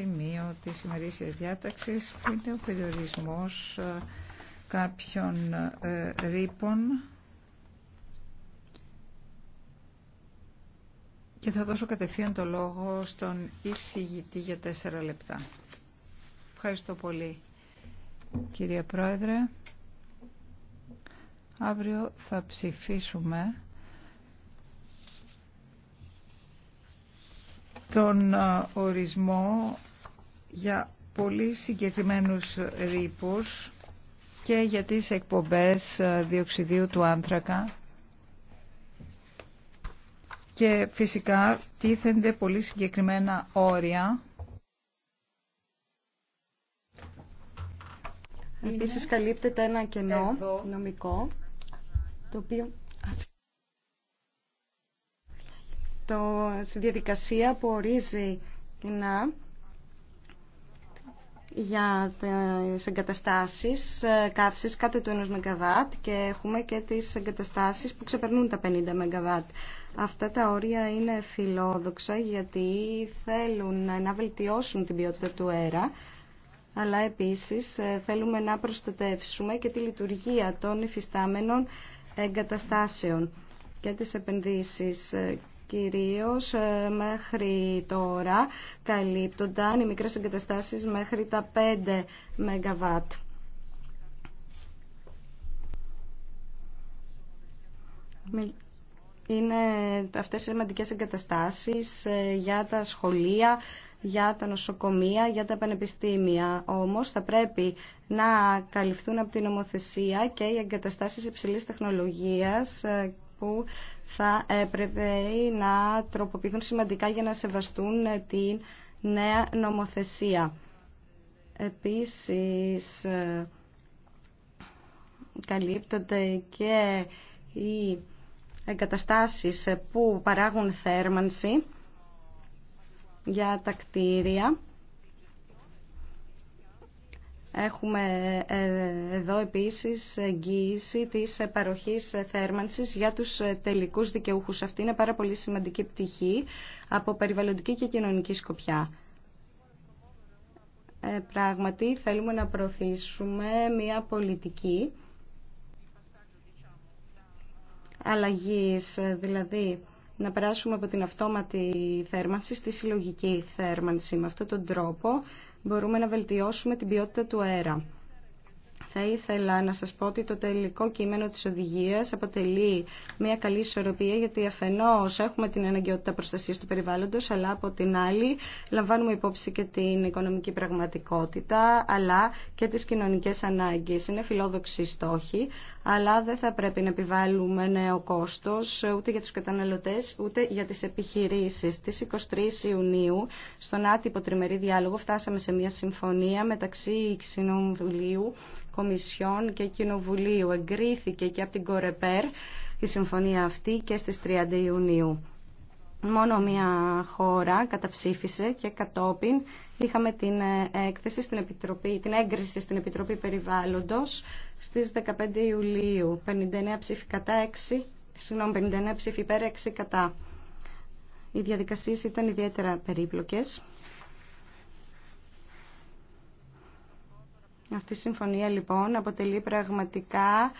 σημείο τη σημερινή διάταξης που είναι ο περιορισμός ε, κάποιων ε, ρήπων και θα δώσω κατευθείαν το λόγο στον εισηγητή για τέσσερα λεπτά. Ευχαριστώ πολύ κυρία Πρόεδρε. Αύριο θα ψηφίσουμε τον ε, ορισμό για πολύ συγκεκριμένους ρήπους και για τις εκπομπές ε, διοξιδίου του άνθρακα και φυσικά τίθενται πολύ συγκεκριμένα όρια. Επίση, Επίσης καλύπτεται ένα κενό νομικό το οποίο το, στη διαδικασία που ορίζει να για τις εγκαταστάσεις ε, καύσης κάτω του 1 ΜΒ και έχουμε και τις εγκαταστάσεις που ξεπερνούν τα 50 ΜΒ. Αυτά τα όρια είναι φιλόδοξα γιατί θέλουν να βελτιώσουν την ποιότητα του αέρα αλλά επίσης ε, θέλουμε να προστατεύσουμε και τη λειτουργία των υφιστάμενων εγκαταστάσεων και τις επενδύσεις ε, κυρίως ε, μέχρι τώρα καλύπτονταν οι μικρές εγκαταστάσεις μέχρι τα 5 ΜΒ. Είναι αυτές οι σημαντικές εγκαταστάσεις ε, για τα σχολεία, για τα νοσοκομεία, για τα πανεπιστήμια. Όμως θα πρέπει να καλυφθούν από την νομοθεσία και οι εγκαταστάσεις υψηλής τεχνολογίας ε, που θα έπρεπε να τροποποιηθούν σημαντικά για να σεβαστούν την νέα νομοθεσία. Επίσης, ε, καλύπτονται και οι εγκαταστάσεις που παράγουν θέρμανση για τα κτίρια Έχουμε ε, εδώ επίσης εγγύηση της παροχής θέρμανσης για τους τελικούς δικαιούχους. Αυτή είναι πάρα πολύ σημαντική πτυχή από περιβαλλοντική και κοινωνική σκοπιά. Ε, πράγματι θέλουμε να προωθήσουμε μια πολιτική αλλαγής, δηλαδή να περάσουμε από την αυτόματη θέρμανση στη συλλογική θέρμανση. Με αυτόν τον τρόπο μπορούμε να βελτιώσουμε την ποιότητα του αέρα. Θα ήθελα να σας πω ότι το τελικό κείμενο της οδηγίας αποτελεί μια καλή ισορροπία γιατί αφενός έχουμε την αναγκαιότητα προστασίας του περιβάλλοντος αλλά από την άλλη λαμβάνουμε υπόψη και την οικονομική πραγματικότητα αλλά και τις κοινωνικές ανάγκες. Είναι φιλόδοξοι στόχη αλλά δεν θα πρέπει να επιβάλλουμε νέο κόστος ούτε για τους καταναλωτές ούτε για τις επιχειρήσεις. Στις 23 Ιουνίου στον άτυπο τριμερή διάλογο φτάσαμε σε μια συμφωνία μεταξύ Συμβουλίου Κομισιόν και Κοινοβουλίου. Εγκρίθηκε και από την Κορεπέρ η συμφωνία αυτή και στις 30 Ιουνίου. Μόνο μία χώρα καταψήφισε και κατόπιν είχαμε την ε, έκθεση στην Επιτροπή, την έγκριση στην Επιτροπή Περιβάλλοντος στις 15 Ιουλίου. 59 ψήφι κατά 6, συγγνώμη, 59 ψήφι υπέρ 6 κατά. Οι διαδικασίες ήταν ιδιαίτερα περίπλοκες. Αυτή η συμφωνία λοιπόν αποτελεί πραγματικά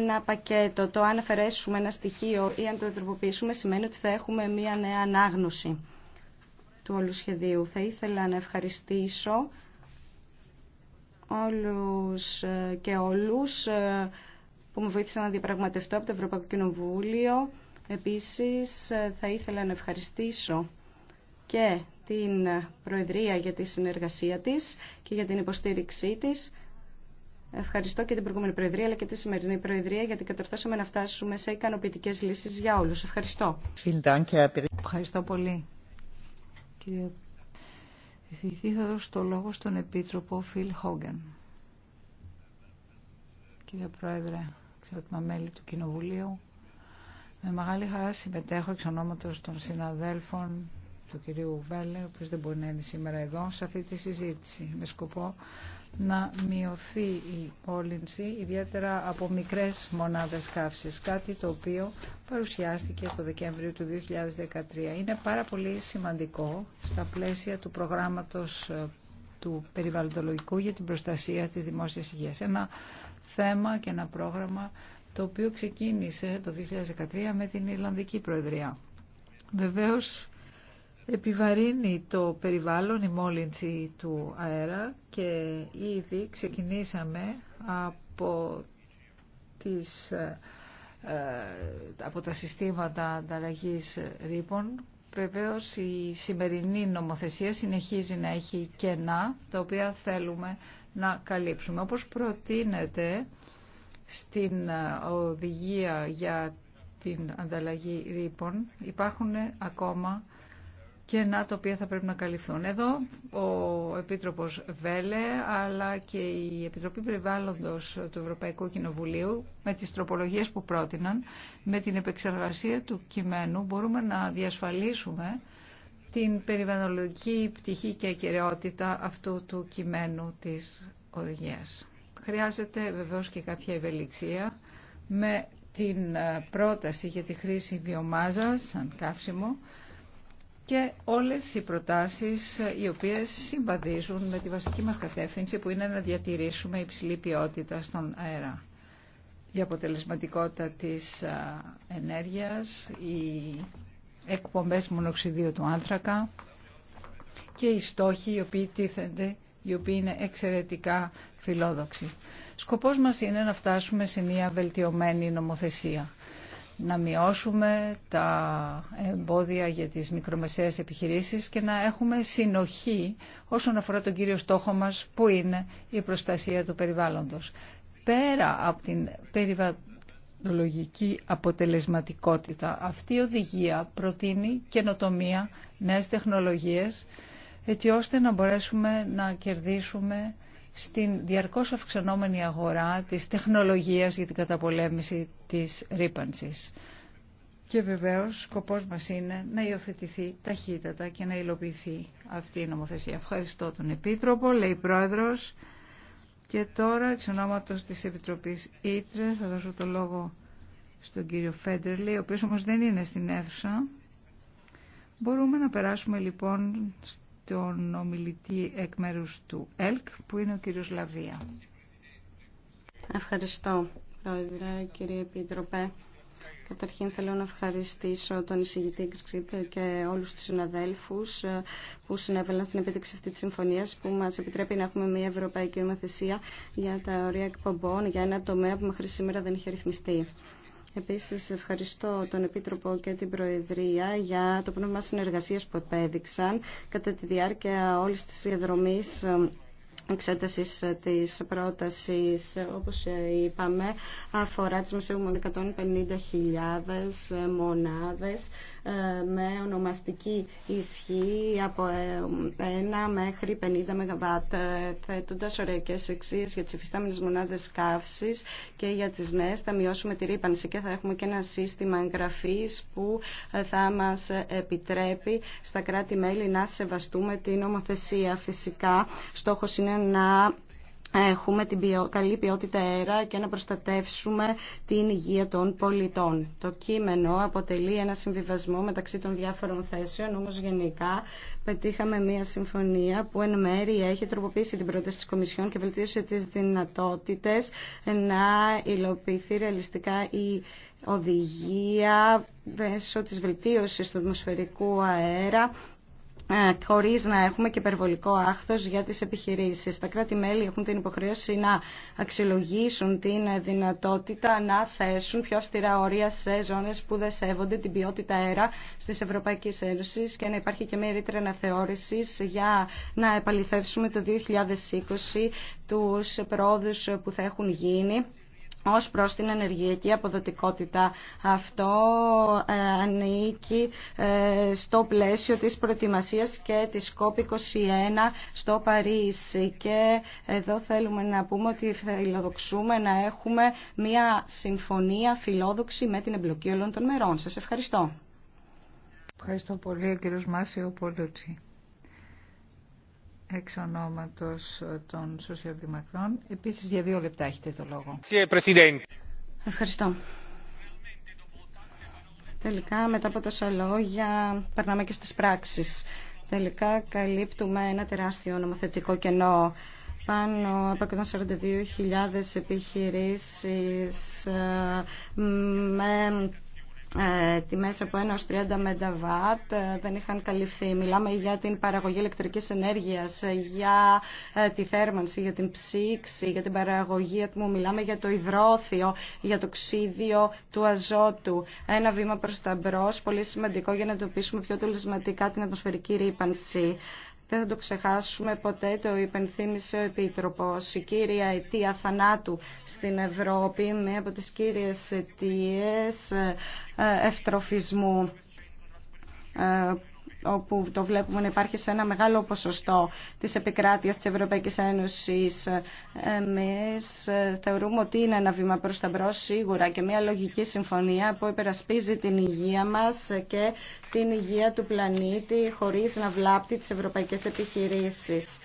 ένα πακέτο. Το αν αφαιρέσουμε ένα στοιχείο ή αν το τροποποιήσουμε σημαίνει ότι θα έχουμε μία νέα ανάγνωση του όλου σχεδίου. Θα ήθελα να ευχαριστήσω όλους ε, και όλους ε, που με βοήθησαν να διαπραγματευτώ από το Ευρωπαϊκό Κοινοβούλιο. Επίσης ε, θα ήθελα να ευχαριστήσω και την Προεδρία για τη συνεργασία της και για την υποστήριξή της. Ευχαριστώ και την προηγούμενη Προεδρία αλλά και τη σημερινή Προεδρία γιατί κατορθώσαμε να φτάσουμε σε ικανοποιητικέ λύσει για όλου. Ευχαριστώ. Ευχαριστώ πολύ. Κύριε θα δώσω το λόγο στον Επίτροπο Φιλ Χόγκεν. Κύριε Πρόεδρε, εξαιρετικά μέλη του Κοινοβουλίου, με μεγάλη χαρά συμμετέχω εξ ονόματος των συναδέλφων του κυρίου Βέλε, ο οποίος δεν μπορεί να είναι σήμερα εδώ, σε αυτή τη συζήτηση με σκοπό να μειωθεί η πόλυνση, ιδιαίτερα από μικρές μονάδες καύσης, κάτι το οποίο παρουσιάστηκε το Δεκέμβριο του 2013. Είναι πάρα πολύ σημαντικό στα πλαίσια του προγράμματος ε, του περιβαλλοντολογικού για την προστασία της δημόσιας υγείας. Ένα θέμα και ένα πρόγραμμα το οποίο ξεκίνησε το 2013 με την Ιρλανδική Προεδρία. Βεβαίως επιβαρύνει το περιβάλλον, η μόλυνση του αέρα και ήδη ξεκινήσαμε από, τις, ε, ε, από τα συστήματα ανταλλαγή ρήπων. Βεβαίως η σημερινή νομοθεσία συνεχίζει να έχει κενά τα οποία θέλουμε να καλύψουμε. Όπως προτείνεται στην ε, οδηγία για την ανταλλαγή ρήπων υπάρχουν ακόμα και να τα οποία θα πρέπει να καλυφθούν. Εδώ ο Επίτροπος Βέλε αλλά και η Επιτροπή Περιβάλλοντος του Ευρωπαϊκού Κοινοβουλίου με τις τροπολογίες που πρότειναν, με την επεξεργασία του κειμένου μπορούμε να διασφαλίσουμε την περιβαλλοντική πτυχή και ακαιρεότητα αυτού του κειμένου της οδηγίας. Χρειάζεται βεβαίως και κάποια ευελιξία με την πρόταση για τη χρήση βιομάζας σαν καύσιμο και όλες οι προτάσεις ε, οι οποίες συμβαδίζουν με τη βασική μας κατεύθυνση που είναι να διατηρήσουμε υψηλή ποιότητα στον αέρα. Η αποτελεσματικότητα της ε, ενέργειας, οι εκπομπές μονοξυδίου του άνθρακα και οι στόχοι οι οποίοι τίθενται, οι οποίοι είναι εξαιρετικά φιλόδοξοι. Σκοπός μας είναι να φτάσουμε σε μια βελτιωμένη νομοθεσία να μειώσουμε τα εμπόδια για τις μικρομεσαίες επιχειρήσεις και να έχουμε συνοχή όσον αφορά τον κύριο στόχο μας που είναι η προστασία του περιβάλλοντος. Πέρα από την περιβαλλοντολογική αποτελεσματικότητα, αυτή η οδηγία προτείνει καινοτομία, νέες τεχνολογίες, έτσι ώστε να μπορέσουμε να κερδίσουμε στην διαρκώς αυξανόμενη αγορά της τεχνολογίας για την καταπολέμηση της ρήπανσης. Και βεβαίως σκοπός μας είναι να υιοθετηθεί ταχύτατα και να υλοποιηθεί αυτή η νομοθεσία. Ευχαριστώ τον Επίτροπο, λέει Πρόεδρος. Και τώρα, εξ ονόματος της Επιτροπής Ήτρε, θα δώσω το λόγο στον κύριο Φέντερλη, ο οποίος όμως δεν είναι στην αίθουσα. Μπορούμε να περάσουμε λοιπόν τον ομιλητή εκ μέρους του ΕΛΚ που είναι ο κύριος Λαβία. Ευχαριστώ, Πρόεδρε, κύριε Επιτροπέ. Καταρχήν θέλω να ευχαριστήσω τον εισηγητή Κρυξίπ και όλους τους συναδέλφους ε, που συνέβαλαν στην επίτευξη αυτή της συμφωνίας που μας επιτρέπει να έχουμε μια ευρωπαϊκή νομοθεσία για τα ωρία εκπομπών για ένα τομέα που μέχρι σήμερα δεν είχε ρυθμιστεί. Επίσης ευχαριστώ τον Επίτροπο και την Προεδρία για το πνεύμα συνεργασίας που επέδειξαν κατά τη διάρκεια όλης της διαδρομής Εξέταση ε, της πρόταση, ε, όπως ε, είπαμε, αφορά τις μεσαίου 150.000 μονάδες με ονομαστική ισχύ από 1 μέχρι 50 ΜΒ, θέτοντα ωριακέ εξίες για τι εφιστάμενε μονάδες καύση και για τις νέες θα μειώσουμε τη ρήπανση και θα έχουμε και ένα σύστημα εγγραφή που θα μας επιτρέπει στα κράτη-μέλη να σεβαστούμε την νομοθεσία. Φυσικά, στόχος είναι να έχουμε την καλή ποιότητα αέρα και να προστατεύσουμε την υγεία των πολιτών. Το κείμενο αποτελεί ένα συμβιβασμό μεταξύ των διάφορων θέσεων, όμως γενικά πετύχαμε μια συμφωνία που εν μέρη έχει τροποποιήσει την πρόταση της Κομισιόν και βελτίωσε τις δυνατότητες να υλοποιηθεί ρεαλιστικά η οδηγία μέσω της βελτίωσης του ατμοσφαιρικού αέρα ε, Χωρί να έχουμε και υπερβολικό άχθο για τις επιχειρήσεις. Τα κράτη-μέλη έχουν την υποχρέωση να αξιολογήσουν την δυνατότητα να θέσουν πιο αυστηρά όρια σε ζώνες που δεν σέβονται την ποιότητα αέρα στις Ευρωπαϊκές Ένωση και να υπάρχει και μια ρήτρα αναθεώρηση για να επαληθεύσουμε το 2020 τους προόδου που θα έχουν γίνει ως προς την ενεργειακή αποδοτικότητα. Αυτό ε, ανήκει ε, στο πλαίσιο της προετοιμασίας και της COP21 στο Παρίσι. Και εδώ θέλουμε να πούμε ότι φιλοδοξούμε να έχουμε μια συμφωνία φιλόδοξη με την εμπλοκή όλων των μερών. Σας ευχαριστώ. Ευχαριστώ πολύ, κύριος Μάσιο Πολούτσι εξ ονόματος των Σοσιαλδημακρών. Επίσης για δύο λεπτά έχετε το λόγο. Ευχαριστώ. Τελικά μετά από τόσα λόγια περνάμε και στις πράξεις. Τελικά καλύπτουμε ένα τεράστιο νομοθετικό κενό. Πάνω από 142.000 επιχειρήσεις ε, με ε, τιμές από 1 ως 30 ΜΒ ε, δεν είχαν καλυφθεί. Μιλάμε για την παραγωγή ηλεκτρικής ενέργειας, ε, για τη θέρμανση, για την ψήξη, για την παραγωγή ατμού. Μιλάμε για το υδρόθιο, για το ξίδιο του αζότου. Ένα βήμα προς τα μπρος, πολύ σημαντικό για να εντοπίσουμε πιο τελεσματικά την ατμοσφαιρική ρήπανση. Δεν θα το ξεχάσουμε ποτέ, το υπενθύμησε ο Επίτροπος. Η κύρια αιτία θανάτου στην Ευρώπη, με από τις κύριες αιτίες ε, ε, ευτροφισμού ε, όπου το βλέπουμε να υπάρχει σε ένα μεγάλο ποσοστό της επικράτειας της Ευρωπαϊκής Ένωσης. Εμείς ε, θεωρούμε ότι είναι ένα βήμα προς τα μπρος σίγουρα και μια λογική συμφωνία που υπερασπίζει την υγεία μας και την υγεία του πλανήτη χωρίς να βλάπτει τις ευρωπαϊκές επιχειρήσεις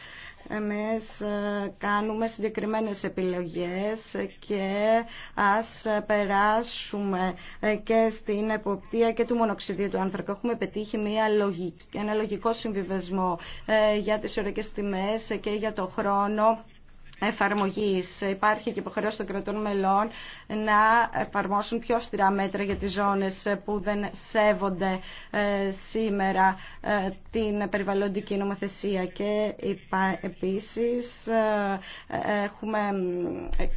εμείς ε, κάνουμε συγκεκριμένες επιλογές και ας περάσουμε ε, και στην εποπτεία και του μονοξυδίου του άνθρακα. Έχουμε πετύχει μια λογική, ένα λογικό συμβιβασμό ε, για τις ωραίες τιμές και για το χρόνο εφαρμογής. Υπάρχει και υποχρέωση των κρατών μελών να εφαρμόσουν πιο αυστηρά μέτρα για τις ζώνες που δεν σέβονται ε, σήμερα ε, την περιβαλλοντική νομοθεσία και επίσης ε, έχουμε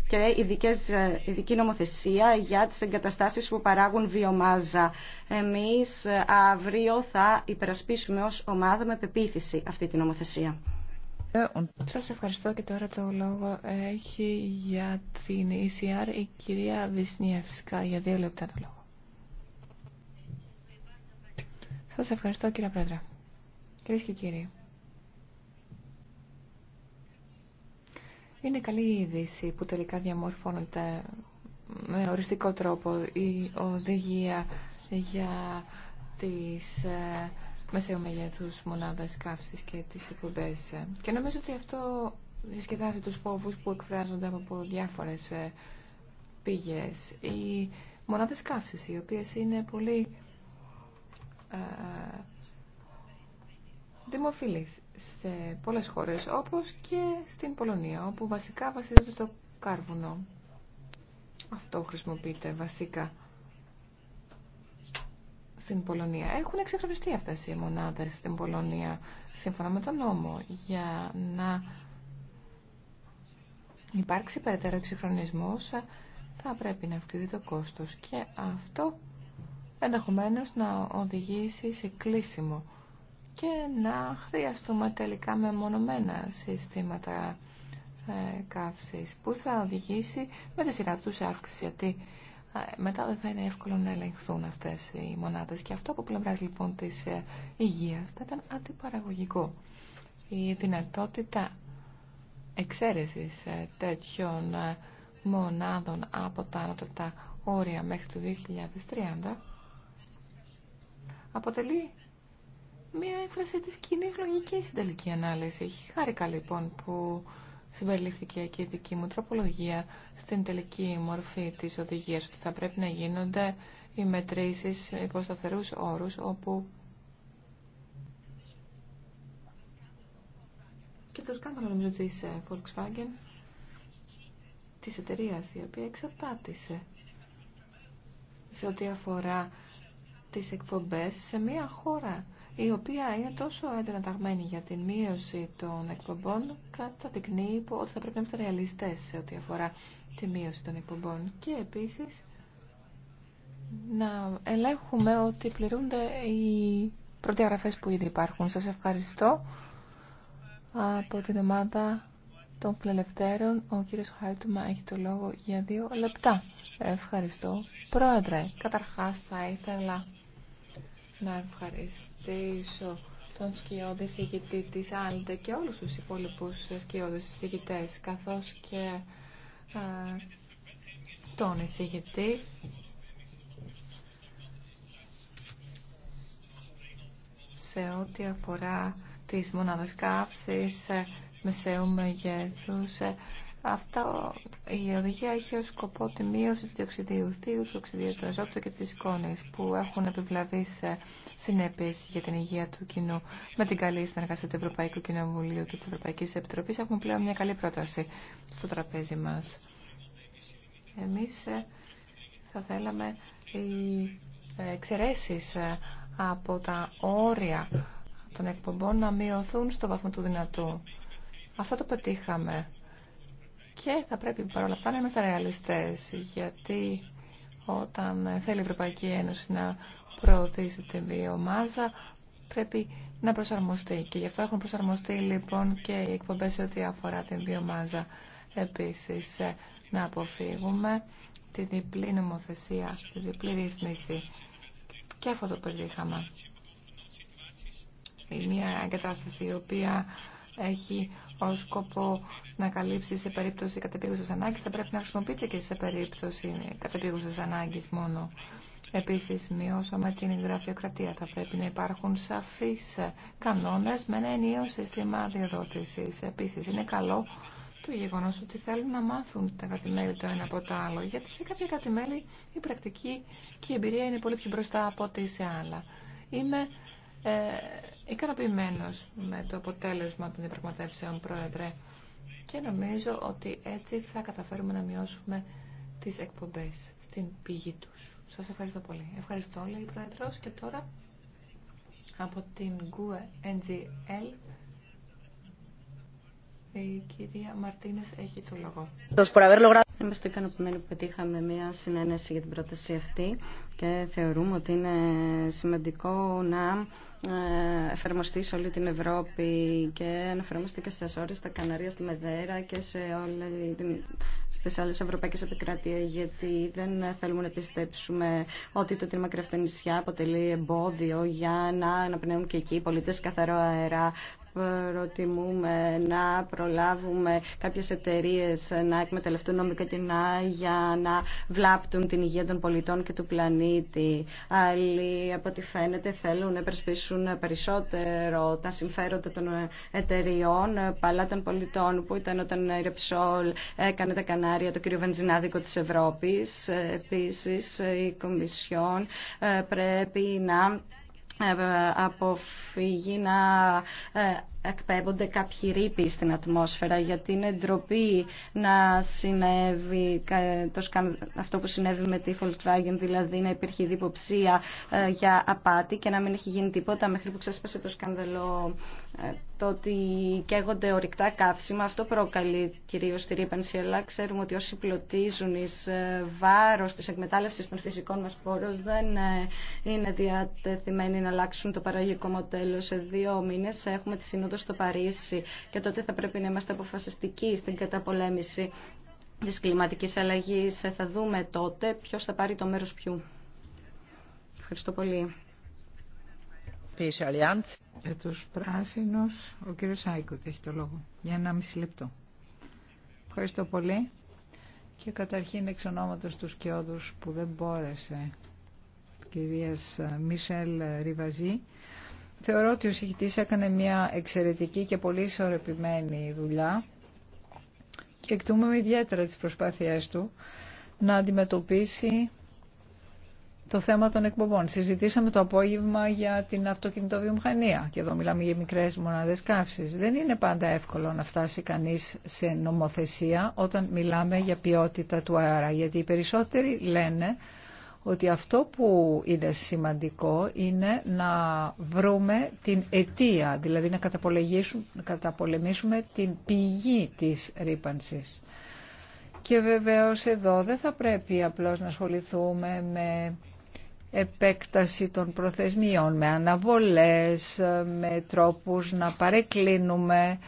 και ειδικές, ειδική νομοθεσία για τις εγκαταστάσεις που παράγουν βιομάζα. Εμείς αύριο θα υπερασπίσουμε ως ομάδα με πεποίθηση αυτή τη νομοθεσία. Σα ευχαριστώ και τώρα το λόγο έχει για την ECR η κυρία Βυσνιεύσκα για δύο λεπτά το λόγο. Σα ευχαριστώ κύριε Πρόεδρε. Κυρίε και κύριοι. Είναι καλή η είδηση που τελικά διαμορφώνεται με οριστικό τρόπο η οδηγία για τις ε, μεσαίου μεγέθου μονάδε καύση και τι εκπομπέ. Και νομίζω ότι αυτό διασκεδάζει του φόβου που εκφράζονται από διάφορε ε, πηγέ. Οι μονάδε καύση, οι οποίε είναι πολύ ε, δημοφιλείς σε πολλές χώρες όπως και στην Πολωνία όπου βασικά βασίζονται στο κάρβουνο. Αυτό χρησιμοποιείται βασικά στην Πολωνία. Έχουν εξυγχρονιστεί αυτές οι μονάδες στην Πολωνία σύμφωνα με τον νόμο για να υπάρξει περαιτέρω εξυγχρονισμός θα πρέπει να αυξηθεί το κόστος και αυτό ενδεχομένω να οδηγήσει σε κλείσιμο και να χρειαστούμε τελικά μεμονωμένα συστήματα ε, καύσης που θα οδηγήσει με τη σειρά του αύξηση γιατί μετά δεν θα είναι εύκολο να ελεγχθούν αυτές οι μονάδες. Και αυτό από πλευρά λοιπόν της ε, υγείας θα ήταν αντιπαραγωγικό. Η δυνατότητα εξαίρεσης ε, τέτοιων ε, μονάδων από τα ανώτατα όρια μέχρι το 2030 αποτελεί μια έκφραση της κοινή λογικής συντελική ανάλυση. Χάρηκα λοιπόν που συμπεριληφθήκε και η δική μου τροπολογία στην τελική μορφή της οδηγίας ότι θα πρέπει να γίνονται οι μετρήσεις υποσταθερούς όρους όπου και το σκάνδαλο νομίζω της ε, Volkswagen της εταιρείας η οποία εξαπάτησε σε ό,τι αφορά τις εκπομπές σε μια χώρα η οποία είναι τόσο έντονα ταγμένη για την μείωση των εκπομπών, καταδεικνύει ότι θα πρέπει να είμαστε ρεαλιστές σε ό,τι αφορά τη μείωση των εκπομπών. Και επίσης να ελέγχουμε ότι πληρούνται οι προδιαγραφές που ήδη υπάρχουν. Σας ευχαριστώ από την ομάδα των φιλελευθέρων. Ο κύριος Χάιτουμα έχει το λόγο για δύο λεπτά. Ευχαριστώ. Πρόεδρε, καταρχάς θα ήθελα να ευχαριστήσω τον σκιώδη συγκητή της Άλντε και όλους τους υπόλοιπους σκιώδη συγκητές καθώς και τον εισηγητή. Σε ό,τι αφορά τις μονάδες κάψης, ε, μεσαίου μεγέθους, ε, Αυτά η οδηγία έχει ως σκοπό τη μείωση του διοξιδίου θείου, του οξυδίου του αζότου και της σκόνης που έχουν επιβλαβεί σε συνέπειες για την υγεία του κοινού. Με την καλή συνεργασία του Ευρωπαϊκού Κοινοβουλίου και της Ευρωπαϊκής Επιτροπής έχουμε πλέον μια καλή πρόταση στο τραπέζι μας. Εμείς ε, θα θέλαμε οι εξαιρέσει ε, από τα όρια των εκπομπών να μειωθούν στο βαθμό του δυνατού. Αυτό το πετύχαμε και θα πρέπει παρόλα αυτά να είμαστε ρεαλιστέ, γιατί όταν θέλει η Ευρωπαϊκή Ένωση να προωθήσει την βιομάζα, πρέπει να προσαρμοστεί. Και γι' αυτό έχουν προσαρμοστεί λοιπόν και οι εκπομπέ σε ό,τι αφορά την βιομάζα. επίση ε, να αποφύγουμε τη διπλή νομοθεσία, τη διπλή ρύθμιση. Και αυτό το πετύχαμε. μία εγκατάσταση η οποία έχει ω σκοπό να καλύψει σε περίπτωση κατεπίγουσα ανάγκη, θα πρέπει να χρησιμοποιείται και σε περίπτωση κατεπίγουσα ανάγκη μόνο. Επίση, μειώσαμε την γραφειοκρατία. Θα πρέπει να υπάρχουν σαφεί κανόνε με ένα ενίο σύστημα διαδότηση. Επίση, είναι καλό το γεγονό ότι θέλουν να μάθουν τα κρατημέλη το ένα από το άλλο. Γιατί σε κάποια κρατημέλη η πρακτική και η εμπειρία είναι πολύ πιο μπροστά από ό,τι σε άλλα. Ε, ικανοποιημένο με το αποτέλεσμα των διαπραγματεύσεων, Πρόεδρε. Και νομίζω ότι έτσι θα καταφέρουμε να μειώσουμε τις εκπομπές στην πηγή τους. Σας ευχαριστώ πολύ. Ευχαριστώ, λέει η Πρόεδρος. Και τώρα από την GUE NGL η κυρία Μαρτίνε έχει το λόγο. Είμαστε ικανοποιημένοι που πετύχαμε μια συνένεση για την πρόταση αυτή και θεωρούμε ότι είναι σημαντικό να ε, εφαρμοστεί σε όλη την Ευρώπη και αναφερόμαστε και στις Ασόρες, στα Καναρία, στη Μεδέρα και σε όλη την... στις άλλες ευρωπαϊκές γιατί δεν θέλουμε να πιστέψουμε ότι το τρίμα κρεφτά αποτελεί εμπόδιο για να αναπνέουν και εκεί οι πολίτες καθαρό αέρα προτιμούμε να προλάβουμε κάποιες εταιρείε να εκμεταλλευτούν νομικά κοινά για να βλάπτουν την υγεία των πολιτών και του πλανήτη. Άλλοι, από ό,τι φαίνεται, θέλουν να υπερσπίσουν περισσότερο τα συμφέροντα των εταιριών παλά των πολιτών που ήταν όταν η Ρεψόλ έκανε τα Κανάρια το κύριο Βενζινάδικο της Ευρώπης. Επίσης, η Κομισιόν ε, πρέπει να ε, αποφυγή να ε, εκπέμπονται κάποιοι ρήποι στην ατμόσφαιρα γιατί είναι ντροπή να συνέβη το αυτό που συνέβη με τη Volkswagen δηλαδή να υπήρχε διποψία ε, για απάτη και να μην έχει γίνει τίποτα μέχρι που ξέσπασε το σκανδαλό ε, το ότι καίγονται ορυκτά καύσιμα αυτό προκαλεί κυρίως τη ρήπανση αλλά ξέρουμε ότι όσοι πλωτίζουν εις ε, βάρος της εκμετάλλευσης των φυσικών μας πόρων δεν είναι διατεθειμένοι να αλλάξουν το παραγωγικό μοντέλο σε δύο μήνες έχουμε τη Σύνοδο στο Παρίσι και τότε θα πρέπει να είμαστε αποφασιστικοί στην καταπολέμηση της κλιματικής αλλαγής. Ε, θα δούμε τότε ποιος θα πάρει το μέρος ποιου. Ευχαριστώ πολύ. Για ε, τους πράσινους, ο κύριος Σάικου έχει το λόγο. Για ένα μισή λεπτό. Ευχαριστώ πολύ. Και καταρχήν εξ ονόματος του που δεν μπόρεσε κυρίας Μίσελ Ριβαζή Θεωρώ ότι ο συγχητής έκανε μια εξαιρετική και πολύ ισορροπημένη δουλειά και εκτούμε ιδιαίτερα τις προσπάθειές του να αντιμετωπίσει το θέμα των εκπομπών. Συζητήσαμε το απόγευμα για την αυτοκινητοβιομηχανία και εδώ μιλάμε για μικρές μονάδες καύσης. Δεν είναι πάντα εύκολο να φτάσει κανείς σε νομοθεσία όταν μιλάμε για ποιότητα του αέρα γιατί οι περισσότεροι λένε ότι αυτό που είναι σημαντικό είναι να βρούμε την αιτία, δηλαδή να καταπολεμήσουμε την πηγή της ρήπανσης. Και βεβαίως εδώ δεν θα πρέπει απλώς να ασχοληθούμε με επέκταση των προθεσμιών, με αναβολές, με τρόπους να παρεκκλίνουμε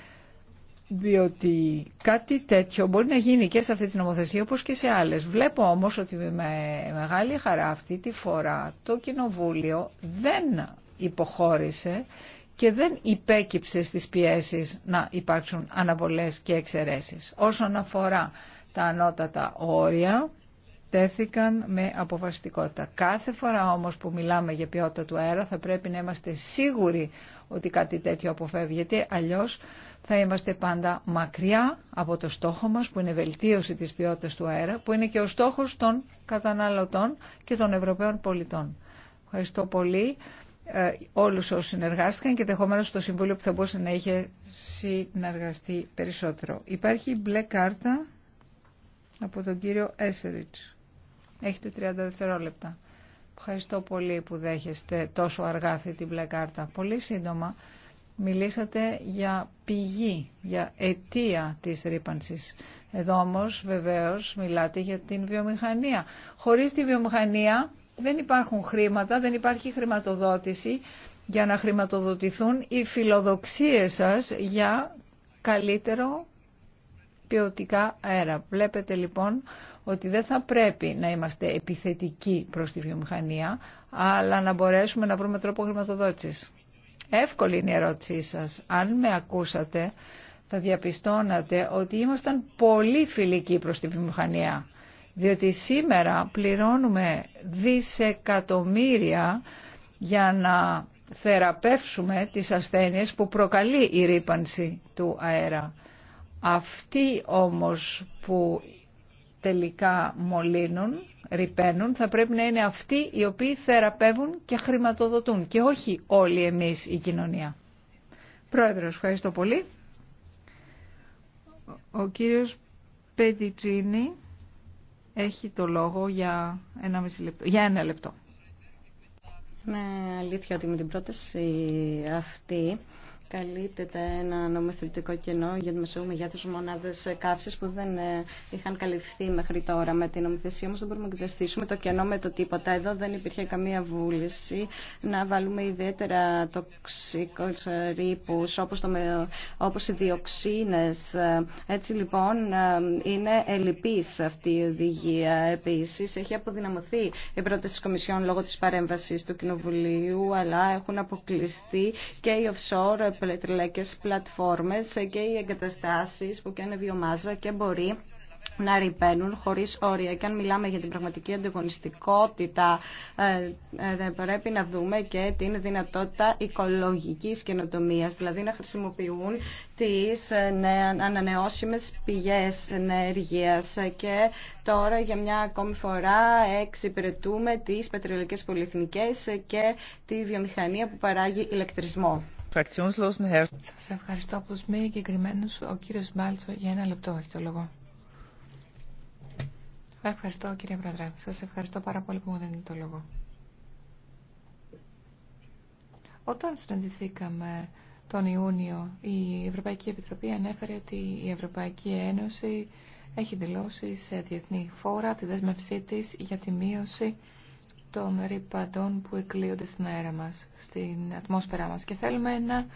διότι κάτι τέτοιο μπορεί να γίνει και σε αυτή την νομοθεσία όπως και σε άλλες. Βλέπω όμως ότι με μεγάλη χαρά αυτή τη φορά το Κοινοβούλιο δεν υποχώρησε και δεν υπέκυψε στις πιέσεις να υπάρξουν αναβολές και εξαιρέσεις. Όσον αφορά τα ανώτατα όρια, τέθηκαν με αποφασιστικότητα. Κάθε φορά όμως που μιλάμε για ποιότητα του αέρα θα πρέπει να είμαστε σίγουροι ότι κάτι τέτοιο αποφεύγεται, αλλιώς θα είμαστε πάντα μακριά από το στόχο μας που είναι βελτίωση της ποιότητας του αέρα, που είναι και ο στόχος των καταναλωτών και των Ευρωπαίων πολιτών. Ευχαριστώ πολύ ε, όλους όσοι συνεργάστηκαν και δεχόμενο το Συμβούλιο που θα μπορούσε να είχε συνεργαστεί περισσότερο. Υπάρχει μπλε κάρτα από τον κύριο Έσεριτς. Έχετε 30 δευτερόλεπτα. Ευχαριστώ πολύ που δέχεστε τόσο αργά αυτή την μπλε κάρτα. Πολύ σύντομα. Μιλήσατε για πηγή, για αιτία της ρήπανσης. Εδώ όμως βεβαίως μιλάτε για την βιομηχανία. Χωρίς τη βιομηχανία δεν υπάρχουν χρήματα, δεν υπάρχει χρηματοδότηση για να χρηματοδοτηθούν οι φιλοδοξίες σας για καλύτερο ποιοτικά αέρα. Βλέπετε λοιπόν ότι δεν θα πρέπει να είμαστε επιθετικοί προς τη βιομηχανία, αλλά να μπορέσουμε να βρούμε τρόπο χρηματοδότησης. Εύκολη είναι η ερώτησή σας. Αν με ακούσατε, θα διαπιστώνατε ότι ήμασταν πολύ φιλικοί προς τη βιομηχανία. Διότι σήμερα πληρώνουμε δισεκατομμύρια για να θεραπεύσουμε τις ασθένειες που προκαλεί η ρήπανση του αέρα. Αυτή όμως που τελικά μολύνουν, ρηπαίνουν, θα πρέπει να είναι αυτοί οι οποίοι θεραπεύουν και χρηματοδοτούν και όχι όλοι εμείς η κοινωνία. Πρόεδρος, ευχαριστώ πολύ. Ο κύριος Πετιτσίνη έχει το λόγο για ένα, λεπτό, για ένα λεπτό. Είναι αλήθεια ότι με την πρόταση αυτή καλύπτεται ένα νομοθετικό κενό για τη για τις μονάδε καύσης που δεν ε, είχαν καλυφθεί μέχρι τώρα με την νομοθεσία Όμω δεν μπορούμε να εκδεστήσουμε το κενό με το τίποτα. Εδώ δεν υπήρχε καμία βούληση να βάλουμε ιδιαίτερα τοξικού ρήπου όπω το, οι διοξίνε. Έτσι λοιπόν ε, είναι ελλειπή αυτή η οδηγία. επίση. έχει αποδυναμωθεί η πρόταση τη Κομισιόν λόγω τη παρέμβαση του Κοινοβουλίου αλλά έχουν αποκλειστεί και οι offshore πετρελαϊκές πλατφόρμες και οι εγκαταστάσεις που κάνουν βιομάζα και μπορεί να ρηπαίνουν χωρίς όρια. Και αν μιλάμε για την πραγματική ανταγωνιστικότητα, ε, ε, πρέπει να δούμε και την δυνατότητα οικολογικής καινοτομίας, δηλαδή να χρησιμοποιούν τις ε, ανανεώσιμες πηγές ενέργειας. Και τώρα για μια ακόμη φορά εξυπηρετούμε τις πετρελαϊκές πολυεθνικές και τη βιομηχανία που παράγει ηλεκτρισμό. Σας ευχαριστώ που με εγκεκριμένους. Ο κύριος Μπάλτσο για ένα λεπτό έχει το λόγο. Ευχαριστώ κύριε Πρόεδρε. Σας ευχαριστώ πάρα πολύ που μου δίνετε το λόγο. Όταν συναντηθήκαμε τον Ιούνιο, η Ευρωπαϊκή Επιτροπή ανέφερε ότι η Ευρωπαϊκή Ένωση έχει δηλώσει σε διεθνή φόρα τη δέσμευσή της για τη μείωση των ρηπαντών που εκλείονται στην αέρα μας, στην ατμόσφαιρά μας και θέλουμε να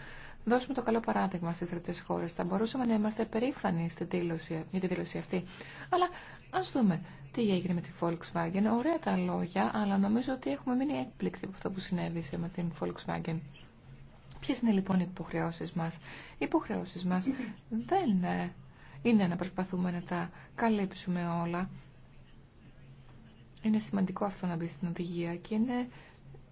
δώσουμε το καλό παράδειγμα στις τρίτες χώρε. Θα μπορούσαμε να είμαστε περήφανοι στη δήλωση, για τη δήλωση αυτή. Αλλά ας δούμε τι έγινε με τη Volkswagen. Ωραία τα λόγια, αλλά νομίζω ότι έχουμε μείνει έκπληκτοι από αυτό που συνέβη με την Volkswagen. Ποιε είναι λοιπόν οι υποχρεώσει μα, Οι υποχρεώσει μα δεν ε, είναι να προσπαθούμε να τα καλύψουμε όλα. Είναι σημαντικό αυτό να μπει στην οδηγία και είναι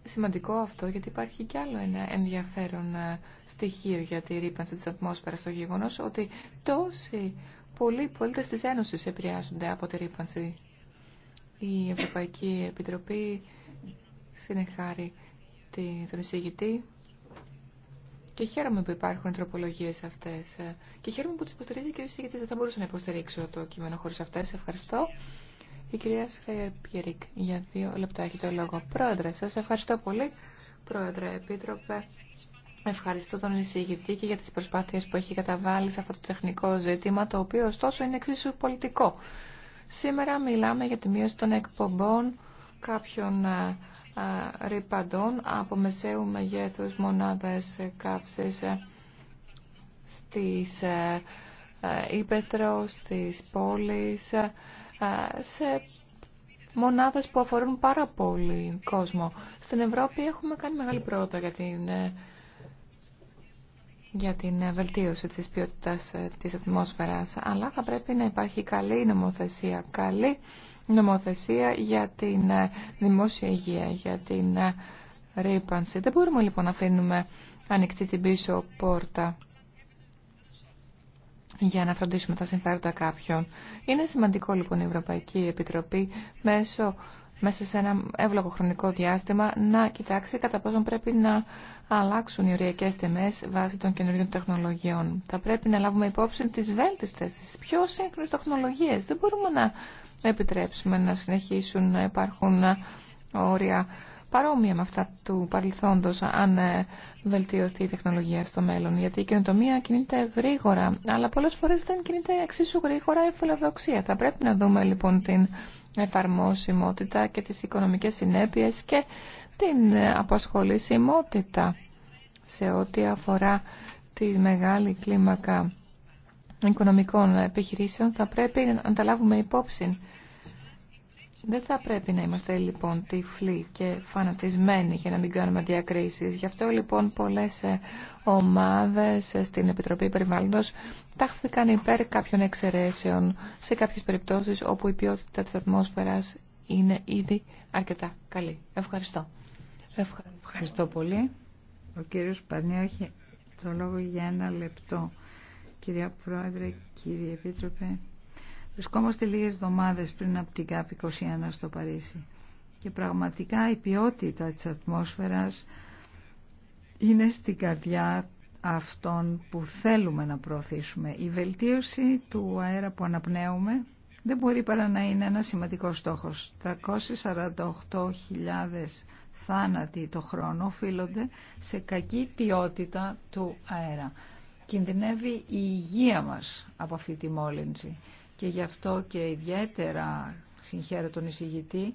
σημαντικό αυτό γιατί υπάρχει κι άλλο ένα ενδιαφέρον ε, στοιχείο για τη ρήπανση της ατμόσφαιρας στο γεγονός ότι τόσοι πολλοί πολίτες της Ένωσης επηρεάζονται από τη ρήπανση. Η Ευρωπαϊκή Επιτροπή συνεχάρει τον εισηγητή και χαίρομαι που υπάρχουν τροπολογίε αυτέ ε, και χαίρομαι που τι υποστηρίζει και ο εισηγητή δεν θα μπορούσε να υποστηρίξω το κείμενο χωρίς αυτέ. Ευχαριστώ. Η κυρία Σχαϊρπιερικ, για δύο λεπτά έχει το λόγο. Πρόεδρε, σας ευχαριστώ πολύ. Πρόεδρε, Επίτροπε, ευχαριστώ τον εισηγητή και για τις προσπάθειες που έχει καταβάλει σε αυτό το τεχνικό ζήτημα, το οποίο ωστόσο είναι εξίσου πολιτικό. Σήμερα μιλάμε για τη μείωση των εκπομπών κάποιων ε, ε, ρηπαντών από μεσαίου μεγέθους μονάδες κάψης ε, στις Ήπετρο στις πόλεις σε μονάδες που αφορούν πάρα πολύ κόσμο. Στην Ευρώπη έχουμε κάνει μεγάλη πρόοδο για την, ε, για την ε, βελτίωση της ποιότητας ε, της ατμόσφαιρας, αλλά θα πρέπει να υπάρχει καλή νομοθεσία, καλή νομοθεσία για την δημόσια υγεία, για την ρήπανση. Δεν μπορούμε λοιπόν να αφήνουμε ανοιχτή την πίσω πόρτα για να φροντίσουμε τα συμφέροντα κάποιων. Είναι σημαντικό λοιπόν η Ευρωπαϊκή Επιτροπή μέσω, μέσα σε ένα εύλογο χρονικό διάστημα να κοιτάξει κατά πόσο πρέπει να αλλάξουν οι οριακές τιμές βάσει των καινούριων τεχνολογιών. Θα πρέπει να λάβουμε υπόψη τις βέλτιστες, τις πιο σύγχρονες τεχνολογίες. Δεν μπορούμε να επιτρέψουμε να συνεχίσουν να υπάρχουν όρια παρόμοια με αυτά του παρελθόντος αν ε, βελτιωθεί η τεχνολογία στο μέλλον. Γιατί η καινοτομία κινείται γρήγορα, αλλά πολλές φορές δεν κινείται εξίσου γρήγορα η φιλοδοξία. Θα πρέπει να δούμε λοιπόν την εφαρμόσιμότητα και τις οικονομικές συνέπειες και την απασχολησιμότητα σε ό,τι αφορά τη μεγάλη κλίμακα οικονομικών επιχειρήσεων θα πρέπει να τα λάβουμε υπόψη δεν θα πρέπει να είμαστε λοιπόν τυφλοί και φανατισμένοι για να μην κάνουμε διακρίσεις. Γι' αυτό λοιπόν πολλές ε, ομάδες ε, στην Επιτροπή Περιβάλλοντος τάχθηκαν υπέρ κάποιων εξαιρέσεων σε κάποιες περιπτώσεις όπου η ποιότητα της ατμόσφαιρας είναι ήδη αρκετά καλή. Ευχαριστώ. Ευχαριστώ, πολύ. Ο κύριος Παρνιό έχει το λόγο για ένα λεπτό. Κυρία Πρόεδρε, κύριε Επίτροπε. Βρισκόμαστε λίγες εβδομάδες πριν από την ΚΑΠ 21 στο Παρίσι και πραγματικά η ποιότητα της ατμόσφαιρας είναι στην καρδιά αυτών που θέλουμε να προωθήσουμε. Η βελτίωση του αέρα που αναπνέουμε δεν μπορεί παρά να είναι ένα σημαντικό στόχος. 348.000 θάνατοι το χρόνο οφείλονται σε κακή ποιότητα του αέρα. Κινδυνεύει η υγεία μας από αυτή τη μόλυνση και γι' αυτό και ιδιαίτερα συγχαίρω τον εισηγητή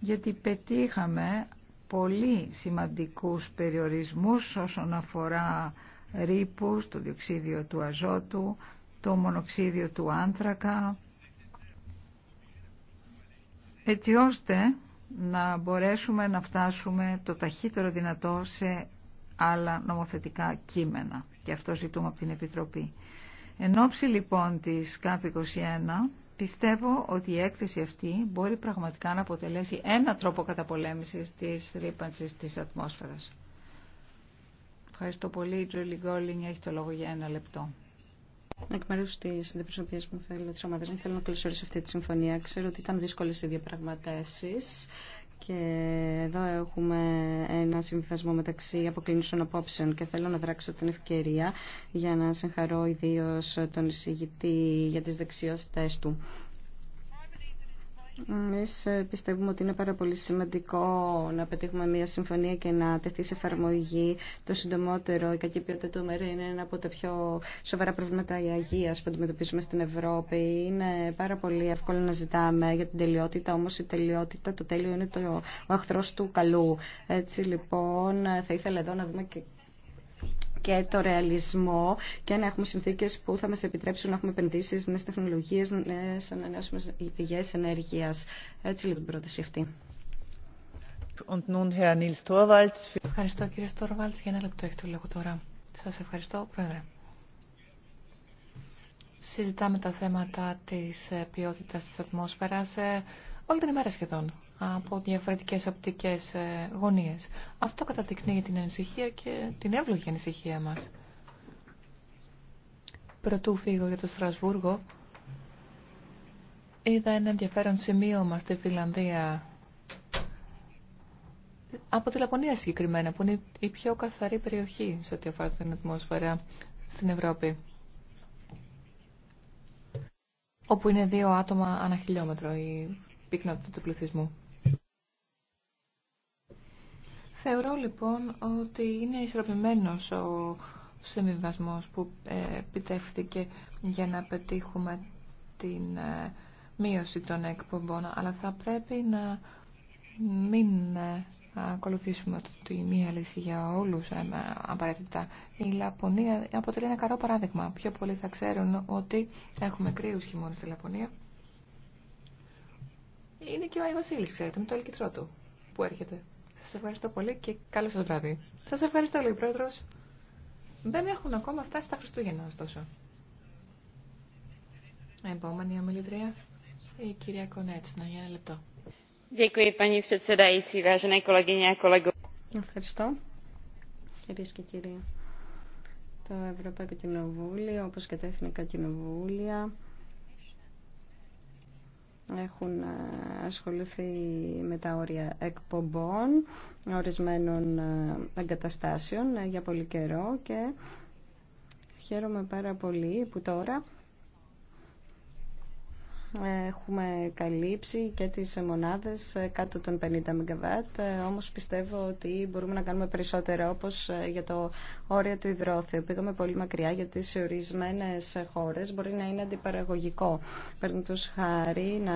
γιατί πετύχαμε πολύ σημαντικούς περιορισμούς όσον αφορά ρήπους, το διοξίδιο του αζότου, το μονοξίδιο του άνθρακα, έτσι ώστε να μπορέσουμε να φτάσουμε το ταχύτερο δυνατό σε άλλα νομοθετικά κείμενα. Και αυτό ζητούμε από την Επιτροπή. Εν ώψη λοιπόν της ΚΑΠ 21 πιστεύω ότι η έκθεση αυτή μπορεί πραγματικά να αποτελέσει ένα τρόπο καταπολέμησης της ρήπανσης της ατμόσφαιρας. Ευχαριστώ πολύ. Η Τζούλη Γκόλινγκ έχει το λόγο για ένα λεπτό. Εκ μέρου τη αντιπροσωπεία μου θέλω, τη ομάδα μου, θέλω να καλωσορίσω αυτή τη συμφωνία. Ξέρω ότι ήταν δύσκολε οι διαπραγματεύσει και εδώ έχουμε ένα συμβιβασμό μεταξύ αποκλίνουσων απόψεων και θέλω να δράξω την ευκαιρία για να συγχαρώ ιδίω τον εισηγητή για τις δεξιότητες του. Εμεί ε, πιστεύουμε ότι είναι πάρα πολύ σημαντικό να πετύχουμε μια συμφωνία και να τεθεί σε εφαρμογή το συντομότερο. Η κακή ποιότητα του ΜΕΡΕ είναι ένα από τα πιο σοβαρά προβλήματα υγεία που αντιμετωπίζουμε στην Ευρώπη. Είναι πάρα πολύ εύκολο να ζητάμε για την τελειότητα, όμω η τελειότητα, το τέλειο είναι το, ο εχθρό του καλού. Έτσι λοιπόν, θα ήθελα εδώ να δούμε και και το ρεαλισμό και να έχουμε συνθήκε που θα μα επιτρέψουν να έχουμε επενδύσει, νέε τεχνολογίε νέες ανανεώσιμε πηγές ενέργειας. Έτσι λοιπόν την πρόταση αυτή. Ευχαριστώ κύριε Στόρβαλτς. Για ένα λεπτό έχει το λόγο τώρα. Σα ευχαριστώ πρόεδρε. Συζητάμε τα θέματα τη ε, ποιότητα τη ατμόσφαιρα ε, όλη την ημέρα σχεδόν από διαφορετικές οπτικές ε, γωνίες. Αυτό καταδεικνύει την ανησυχία και την εύλογη ανησυχία μας. Πρωτού φύγω για το Στρασβούργο, είδα ένα ενδιαφέρον μας στη Φιλανδία από τη Λαπωνία συγκεκριμένα, που είναι η πιο καθαρή περιοχή σε ό,τι αφορά την ατμόσφαιρα στην Ευρώπη. Όπου είναι δύο άτομα ανά χιλιόμετρο η πυκνότητα του πληθυσμού. Θεωρώ λοιπόν ότι είναι ισορροπημένος ο συμβιβασμός που ε, επιτεύχθηκε για να πετύχουμε την ε, μείωση των εκπομπών, αλλά θα πρέπει να μην ε, ακολουθήσουμε τη μία λύση για όλους απαραίτητα. Η Λαπωνία αποτελεί ένα καρό παράδειγμα. Πιο πολλοί θα ξέρουν ότι έχουμε κρύους χειμώνες στη Λαπωνία. Είναι και ο Άι Βασίλης, ξέρετε, με το ελκυθρό του που έρχεται. Σα ευχαριστώ πολύ και καλό σα βράδυ. Σα ευχαριστώ, λέει πρόεδρο. Δεν έχουν ακόμα φτάσει τα Χριστούγεννα, ωστόσο. Επόμενη ομιλητρία, η κυρία Κονέτσνα, για ένα λεπτό. Ευχαριστώ, κυρίε και κύριοι. Το Ευρωπαϊκό Κοινοβούλιο, όπω και τα Εθνικά Κοινοβούλια, έχουν ε, ασχοληθεί με τα όρια εκπομπών ορισμένων ε, εγκαταστάσεων ε, για πολύ καιρό και χαίρομαι πάρα πολύ που τώρα Έχουμε καλύψει και τις μονάδες κάτω των 50 ΜΒ, όμως πιστεύω ότι μπορούμε να κάνουμε περισσότερο, όπως για το όριο του υδρόθεου. Πήγαμε πολύ μακριά γιατί σε ορισμένες χώρες μπορεί να είναι αντιπαραγωγικό. Παίρνουν τους χάρη να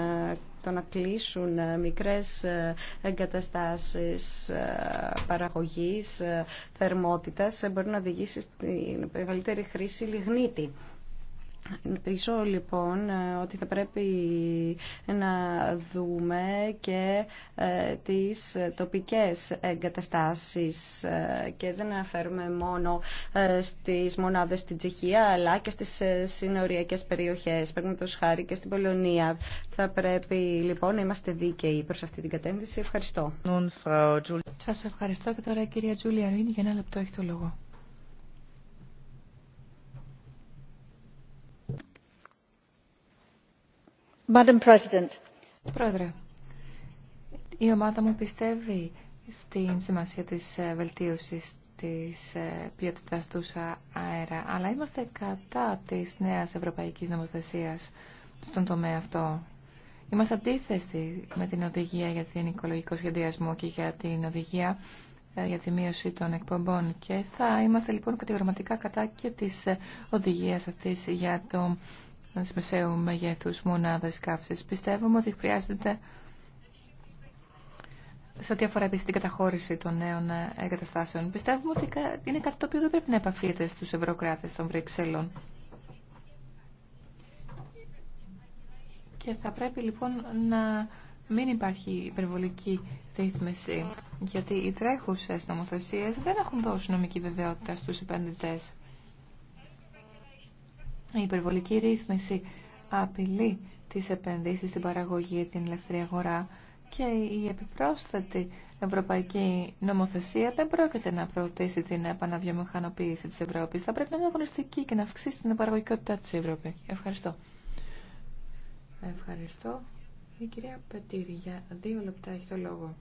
το να κλείσουν μικρές εγκαταστάσεις ε, παραγωγής ε, θερμότητας ε, μπορεί να οδηγήσει στην μεγαλύτερη χρήση λιγνίτη. Ελπίζω λοιπόν ε, ότι θα πρέπει να δούμε και ε, τις τοπικές εγκαταστάσεις ε, και δεν αναφέρουμε μόνο στις μονάδες στην Τσεχία αλλά και στις συνοριακές περιοχές, τους χάρη και στην Πολωνία. Θα πρέπει λοιπόν να είμαστε δίκαιοι προς αυτή την κατέντηση. Ευχαριστώ. Σας ευχαριστώ και τώρα κυρία Τζούλια Ρίνη για ένα λεπτό έχει το λόγο. Πρόεδρε, η ομάδα μου πιστεύει στην σημασία της ε, βελτίωσης της ε, ποιότητας του αέρα, αλλά είμαστε κατά της νέας ευρωπαϊκής νομοθεσίας στον τομέα αυτό. Είμαστε αντίθεση με την οδηγία για την οικολογικό σχεδιασμό και για την οδηγία ε, για τη μείωση των εκπομπών και θα είμαστε λοιπόν κατηγορηματικά κατά και της οδηγίας αυτής για το μεσαίου μεγέθους μονάδες καύσης. Πιστεύουμε ότι χρειάζεται σε ό,τι αφορά επίση την καταχώρηση των νέων εγκαταστάσεων. Πιστεύουμε ότι είναι κάτι το οποίο δεν πρέπει να επαφείται στους ευρωκράτες των Βρυξελών. Και θα πρέπει λοιπόν να μην υπάρχει υπερβολική ρύθμιση, γιατί οι τρέχουσες νομοθεσίες δεν έχουν δώσει νομική βεβαιότητα στους επενδυτές. Η υπερβολική ρύθμιση απειλεί τις επενδύσεις στην παραγωγή, την ελευθερία αγορά και η επιπρόσθετη ευρωπαϊκή νομοθεσία δεν πρόκειται να προωθήσει την επαναβιομηχανοποίηση της Ευρώπης. Θα πρέπει να είναι αγωνιστική και να αυξήσει την παραγωγικότητα της Ευρώπης. Ευχαριστώ. Ευχαριστώ. Η κυρία Πετήρη για δύο λεπτά έχει το λόγο.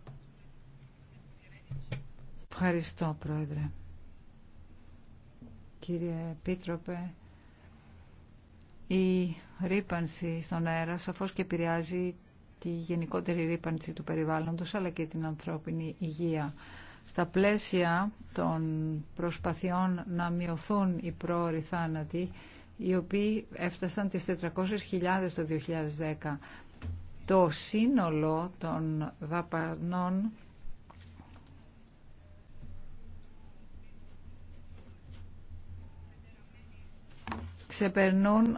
Ευχαριστώ, Πρόεδρε. Κύριε πίτροπε, η ρήπανση στον αέρα σαφώς και επηρεάζει τη γενικότερη ρήπανση του περιβάλλοντος αλλά και την ανθρώπινη υγεία. Στα πλαίσια των προσπαθειών να μειωθούν οι πρόοροι θάνατοι, οι οποίοι έφτασαν τις 400.000 το 2010, το σύνολο των δαπανών ξεπερνούν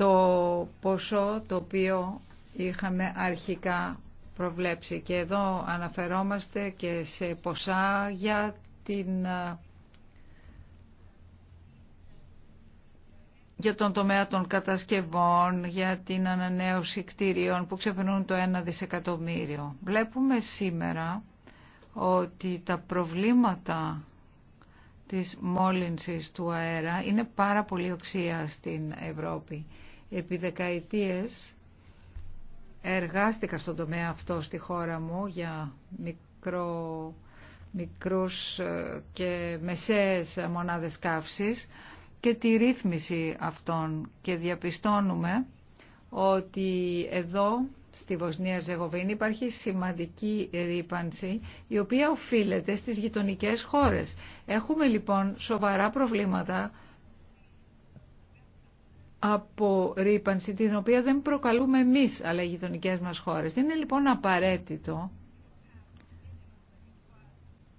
το ποσό το οποίο είχαμε αρχικά προβλέψει. Και εδώ αναφερόμαστε και σε ποσά για την... Ε, για τον τομέα των κατασκευών, για την ανανέωση κτίριων που ξεπερνούν το 1 δισεκατομμύριο. Βλέπουμε σήμερα ότι τα προβλήματα της μόλυνσης του αέρα είναι πάρα πολύ οξία στην Ευρώπη. Επί δεκαετίες εργάστηκα στον τομέα αυτό στη χώρα μου για μικρό, μικρούς ε, και μεσαίες μονάδες καύσης και τη ρύθμιση αυτών και διαπιστώνουμε ότι εδώ στη Βοσνία Ζεγοβίνη υπάρχει σημαντική ρήπανση η οποία οφείλεται στις γειτονικές χώρες. Έχουμε λοιπόν σοβαρά προβλήματα από ρήπανση την οποία δεν προκαλούμε εμείς αλλά οι γειτονικέ μας χώρες. Είναι λοιπόν απαραίτητο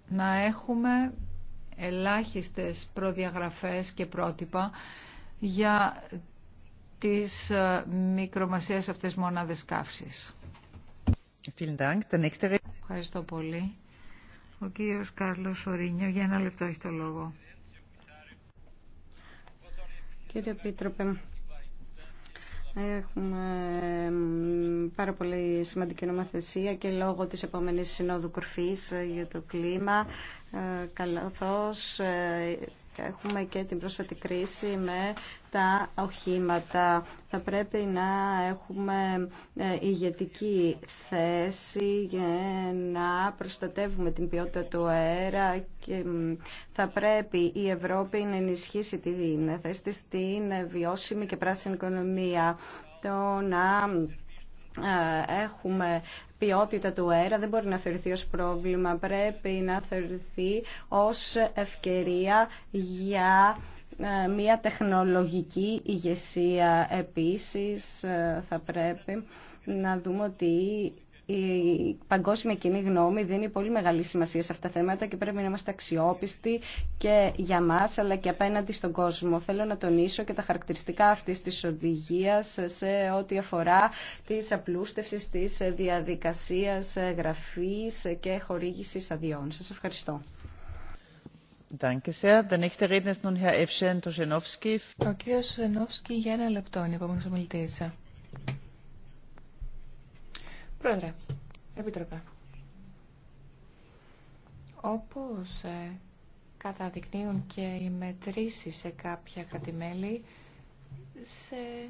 να έχουμε ελάχιστες προδιαγραφές και πρότυπα για τις ε, μικρομασίες αυτές μονάδες καύσης. Ευχαριστώ πολύ. Ο κύριος Κάρλος Ορίνιο για ένα λεπτό έχει το λόγο. Κύριε Πίτροπε, Έχουμε πάρα πολύ σημαντική νομοθεσία και λόγω της επόμενης συνόδου κορφής ε, για το κλίμα, ε, Καλώς ε, έχουμε και την πρόσφατη κρίση με τα οχήματα. Θα πρέπει να έχουμε ε, ηγετική θέση για να προστατεύουμε την ποιότητα του αέρα και θα πρέπει η Ευρώπη να ενισχύσει τη θέση της στην βιώσιμη και πράσινη οικονομία. Το να έχουμε ποιότητα του αέρα δεν μπορεί να θεωρηθεί ως πρόβλημα. Πρέπει να θεωρηθεί ως ευκαιρία για ε, μια τεχνολογική ηγεσία. Επίσης ε, θα πρέπει να δούμε ότι η παγκόσμια κοινή γνώμη δίνει πολύ μεγάλη σημασία σε αυτά τα θέματα και πρέπει να είμαστε αξιόπιστοι και για μας αλλά και απέναντι στον κόσμο. Θέλω να τονίσω και τα χαρακτηριστικά αυτής της οδηγία σε ό,τι αφορά τη απλούστευση τη διαδικασία, γραφή, και χορήγηση αδειών. Σας ευχαριστώ. Ο για ένα λεπτό είναι Πρόεδρε, Επίτροπε, όπως ε, καταδεικνύουν και οι μετρήσεις σε κάποια κρατημέλη, σε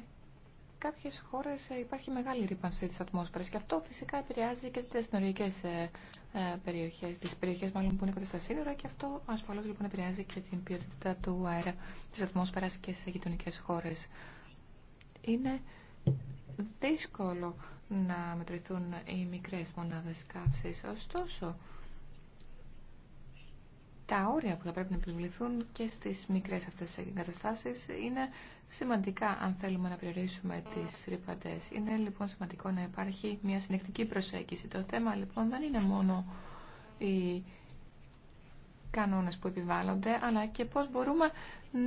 κάποιες χώρες ε, υπάρχει μεγάλη ρήπανση της ατμόσφαιρας και αυτό φυσικά επηρεάζει και τις ε, ε, περιοχές, τις περιοχές μάλλον που είναι κοντά στα σύνορα και αυτό ασφαλώς λοιπόν επηρεάζει και την ποιότητα του αέρα της ατμόσφαιρας και σε γειτονικέ χώρες. Είναι δύσκολο να μετρηθούν οι μικρές μονάδες καύσης. Ωστόσο, τα όρια που θα πρέπει να επιβληθούν και στις μικρές αυτές εγκαταστάσεις είναι σημαντικά αν θέλουμε να περιορίσουμε τις ρήπαντες. Είναι λοιπόν σημαντικό να υπάρχει μια συνεχτική προσέγγιση. Το θέμα λοιπόν δεν είναι μόνο οι κανόνες που επιβάλλονται, αλλά και πώς μπορούμε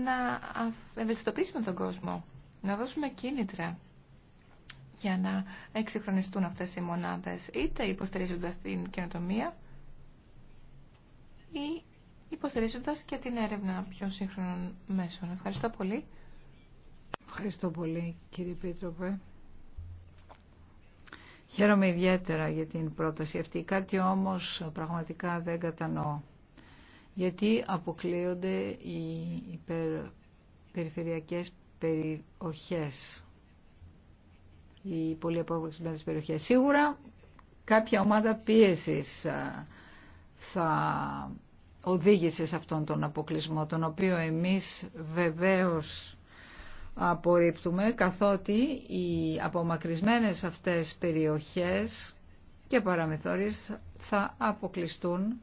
να ευαισθητοποιήσουμε τον κόσμο, να δώσουμε κίνητρα για να εξυγχρονιστούν αυτές οι μονάδες, είτε υποστηρίζοντας την καινοτομία ή υποστηρίζοντας και την έρευνα πιο σύγχρονων μέσων. Ευχαριστώ πολύ. Ευχαριστώ πολύ κύριε Πίτροπε. Χαίρομαι ιδιαίτερα για την πρόταση αυτή. Κάτι όμως πραγματικά δεν κατανοώ. Γιατί αποκλείονται οι περιφερειακές περιοχές οι πολύ στις περιοχές. Σίγουρα κάποια ομάδα πίεσης ε, θα οδήγησε σε αυτόν τον αποκλεισμό, τον οποίο εμείς βεβαίως απορρίπτουμε, καθότι οι απομακρυσμένες αυτές περιοχές και παραμεθόρεις θα αποκλειστούν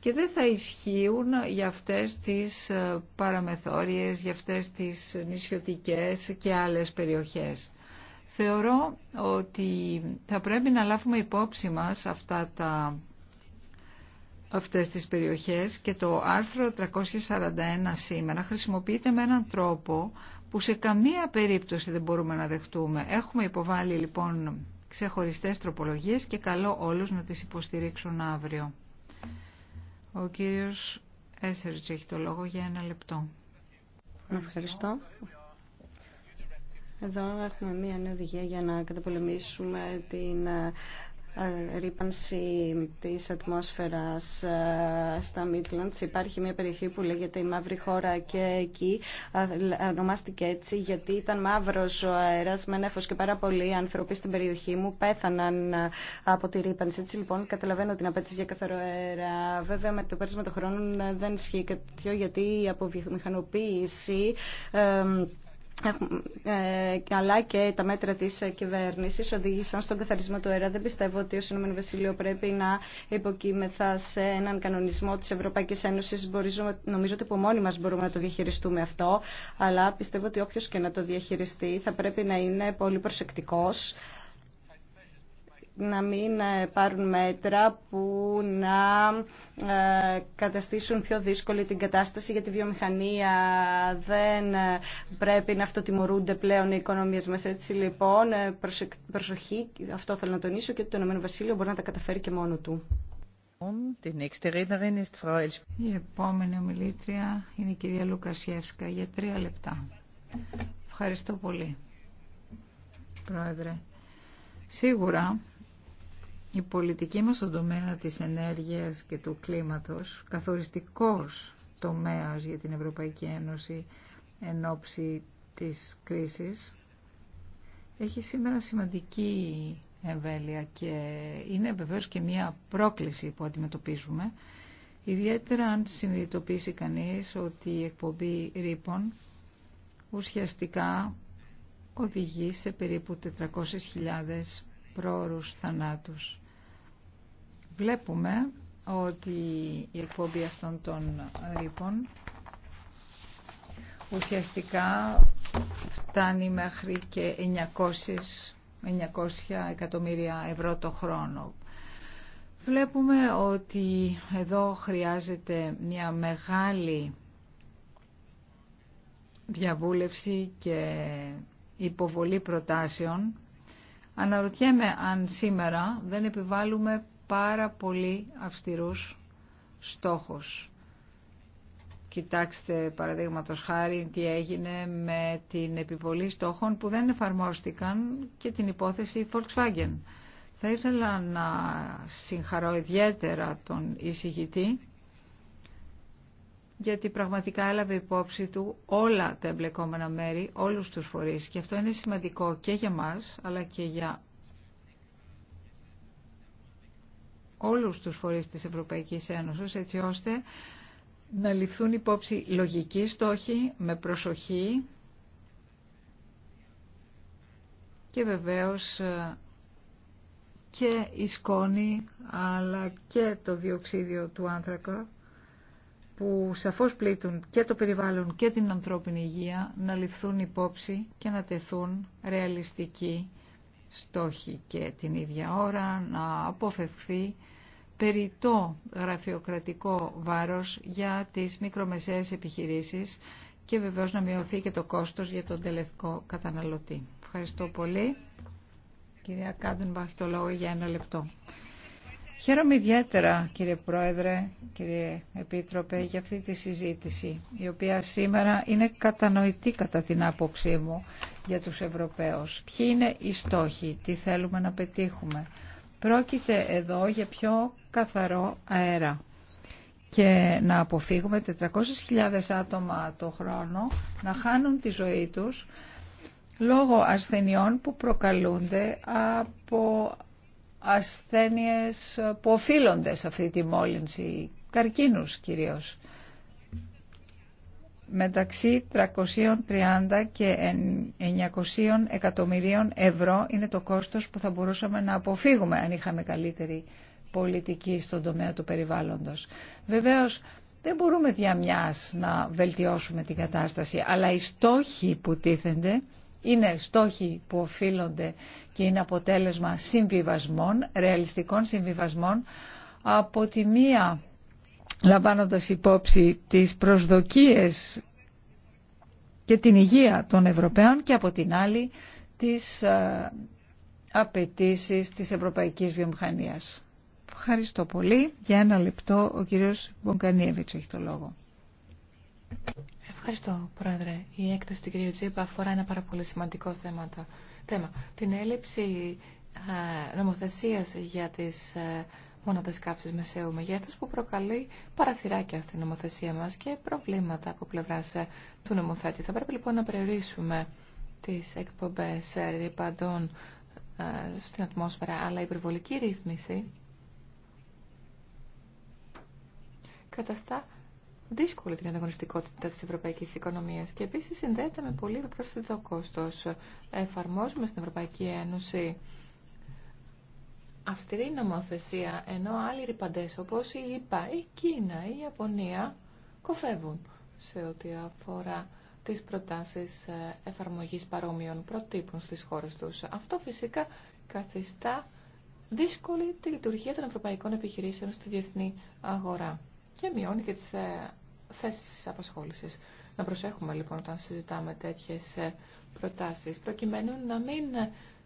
και δεν θα ισχύουν για αυτές τις ε, παραμεθόριες, για αυτές τις νησιωτικές και άλλες περιοχές. Θεωρώ ότι θα πρέπει να λάβουμε υπόψη μας αυτά τα, αυτές τις περιοχές και το άρθρο 341 σήμερα χρησιμοποιείται με έναν τρόπο που σε καμία περίπτωση δεν μπορούμε να δεχτούμε. Έχουμε υποβάλει λοιπόν ξεχωριστές τροπολογίες και καλό όλους να τις υποστηρίξουν αύριο. Ο κύριος Έσερτς έχει το λόγο για ένα λεπτό. Ευχαριστώ. Εδώ έχουμε μία νέα οδηγία για να καταπολεμήσουμε την ε, ε, ρήπανση της ατμόσφαιρας ε, στα Μίτλαντς. Υπάρχει μια περιοχή που λέγεται η Μαύρη Χώρα και εκεί ονομάστηκε έτσι γιατί ήταν μαύρος ο αέρας με νέφος και πάρα πολλοί άνθρωποι στην περιοχή μου πέθαναν από τη ρήπανση. Έτσι λοιπόν καταλαβαίνω την απέτηση για καθαρό αέρα. Βέβαια με το πέρασμα των χρόνων δεν ισχύει κάτι γιατί η αποβιομηχανοποίηση ε, αλλά και τα μέτρα τη κυβέρνηση οδήγησαν στον καθαρισμό του αέρα. Δεν πιστεύω ότι ο Ηνωμένο Βασίλειο πρέπει να υποκείμεθα σε έναν κανονισμό της Ευρωπαϊκής Ένωσης. Νομίζω ότι από μόνοι μας μπορούμε να το διαχειριστούμε αυτό, αλλά πιστεύω ότι όποιο και να το διαχειριστεί θα πρέπει να είναι πολύ προσεκτικό να μην ε, πάρουν μέτρα που να ε, καταστήσουν πιο δύσκολη την κατάσταση για τη βιομηχανία. Δεν ε, πρέπει να αυτοτιμωρούνται πλέον οι οικονομίες μας. Έτσι λοιπόν, προσοχή, αυτό θέλω να τονίσω και το ΕΒ μπορεί να τα καταφέρει και μόνο του. Η επόμενη ομιλήτρια είναι η κυρία Λουκασιεύσκα για τρία λεπτά. Ευχαριστώ πολύ, Πρόεδρε. Σίγουρα η πολιτική μας στον τομέα της ενέργειας και του κλίματος, καθοριστικός τομέας για την Ευρωπαϊκή Ένωση εν ώψη της κρίσης, έχει σήμερα σημαντική εμβέλεια και είναι βεβαίως και μια πρόκληση που αντιμετωπίζουμε, ιδιαίτερα αν συνειδητοποιήσει κανείς ότι η εκπομπή ρήπων ουσιαστικά οδηγεί σε περίπου 400.000 πρόωρους θανάτους. Βλέπουμε ότι η εκπομπή αυτών των ρήπων ουσιαστικά φτάνει μέχρι και 900, 900 εκατομμύρια ευρώ το χρόνο. Βλέπουμε ότι εδώ χρειάζεται μια μεγάλη διαβούλευση και υποβολή προτάσεων Αναρωτιέμαι αν σήμερα δεν επιβάλλουμε πάρα πολύ αυστηρούς στόχους. Κοιτάξτε παραδείγματο χάρη τι έγινε με την επιβολή στόχων που δεν εφαρμόστηκαν και την υπόθεση Volkswagen. Θα ήθελα να συγχαρώ ιδιαίτερα τον εισηγητή γιατί πραγματικά έλαβε υπόψη του όλα τα εμπλεκόμενα μέρη, όλους τους φορείς. Και αυτό είναι σημαντικό και για μας, αλλά και για όλους τους φορείς της Ευρωπαϊκής Ένωσης, έτσι ώστε να ληφθούν υπόψη λογικοί στόχοι, με προσοχή και βεβαίως ε, και η σκόνη αλλά και το διοξίδιο του άνθρακα που σαφώς πλήττουν και το περιβάλλον και την ανθρώπινη υγεία να ληφθούν υπόψη και να τεθούν ρεαλιστικοί στόχοι και την ίδια ώρα να αποφευχθεί περιττό γραφειοκρατικό βάρος για τις μικρομεσαίες επιχειρήσεις και βεβαίως να μειωθεί και το κόστος για τον τελευταίο καταναλωτή. Ευχαριστώ πολύ. Κυρία Κάντεν, το λόγο για ένα λεπτό. Χαίρομαι ιδιαίτερα κύριε Πρόεδρε, κύριε Επίτροπε για αυτή τη συζήτηση η οποία σήμερα είναι κατανοητή κατά την άποψή μου για τους Ευρωπαίους. Ποιοι είναι οι στόχοι, τι θέλουμε να πετύχουμε. Πρόκειται εδώ για πιο καθαρό αέρα και να αποφύγουμε 400.000 άτομα το χρόνο να χάνουν τη ζωή τους λόγω ασθενειών που προκαλούνται από ασθένειες που οφείλονται σε αυτή τη μόλυνση, καρκίνους κυρίως. Μεταξύ 330 και 900 εκατομμυρίων ευρώ είναι το κόστος που θα μπορούσαμε να αποφύγουμε αν είχαμε καλύτερη πολιτική στον τομέα του περιβάλλοντος. Βεβαίως δεν μπορούμε διαμιάς να βελτιώσουμε την κατάσταση, αλλά οι στόχοι που τίθενται είναι στόχοι που οφείλονται και είναι αποτέλεσμα συμβιβασμών, ρεαλιστικών συμβιβασμών, από τη μία λαμβάνοντας υπόψη τις προσδοκίες και την υγεία των Ευρωπαίων και από την άλλη τις ε, απαιτήσει της ευρωπαϊκής βιομηχανίας. Ευχαριστώ πολύ. Για ένα λεπτό ο κύριος Μπογκανίεβιτς έχει το λόγο. Ευχαριστώ, Πρόεδρε. Η έκθεση του κ. Τζίπα αφορά ένα πάρα πολύ σημαντικό θέμα. θέμα την έλλειψη ε, νομοθεσίας για τις ε, μόνατε κάψει μεσαίου μεγέθου που προκαλεί παραθυράκια στην νομοθεσία μας και προβλήματα από πλευρά ε, του νομοθέτη. Θα πρέπει λοιπόν να περιορίσουμε τις εκπομπές ρηπαντών στην ατμόσφαιρα, αλλά η υπερβολική ρύθμιση καταστά δύσκολη την ανταγωνιστικότητα της ευρωπαϊκής οικονομίας και επίσης συνδέεται με πολύ πρόσθετο κόστος. Εφαρμόζουμε στην Ευρωπαϊκή Ένωση αυστηρή νομοθεσία, ενώ άλλοι ρηπαντές όπως η ΙΠΑ, η Κίνα, η Ιαπωνία κοφεύουν σε ό,τι αφορά τις προτάσεις ε, εφαρμογής παρόμοιων προτύπων στις χώρες τους. Αυτό φυσικά καθιστά δύσκολη τη λειτουργία των ευρωπαϊκών επιχειρήσεων στη διεθνή αγορά και μειώνει και τις ε, θέσεις απασχόλησης. Να προσέχουμε λοιπόν όταν συζητάμε τέτοιες ε, προτάσεις, προκειμένου να μην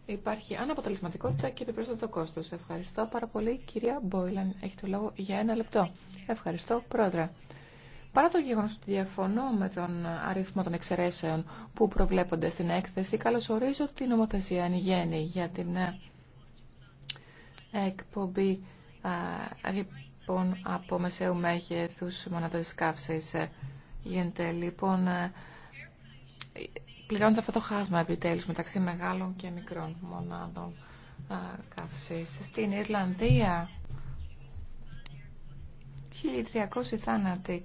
υπάρχει αναποτελεσματικότητα και επιπρόσθετο κόστος. Ευχαριστώ πάρα πολύ. Κυρία Μπόιλαν, έχει το λόγο για ένα λεπτό. Ευχαριστώ, Πρόεδρε. Παρά το γεγονό ότι διαφωνώ με τον αριθμό των εξαιρέσεων που προβλέπονται στην έκθεση, καλωσορίζω την νομοθεσία εν για την ε, εκπομπή λοιπόν από μεσαίου μέγεθους μονάδες καύσης. Γίνεται λοιπόν ε, πληρώνεται αυτό το χάσμα επιτέλους μεταξύ μεγάλων και μικρών μονάδων ε, καύσης. Στην Ιρλανδία 1300 θάνατοι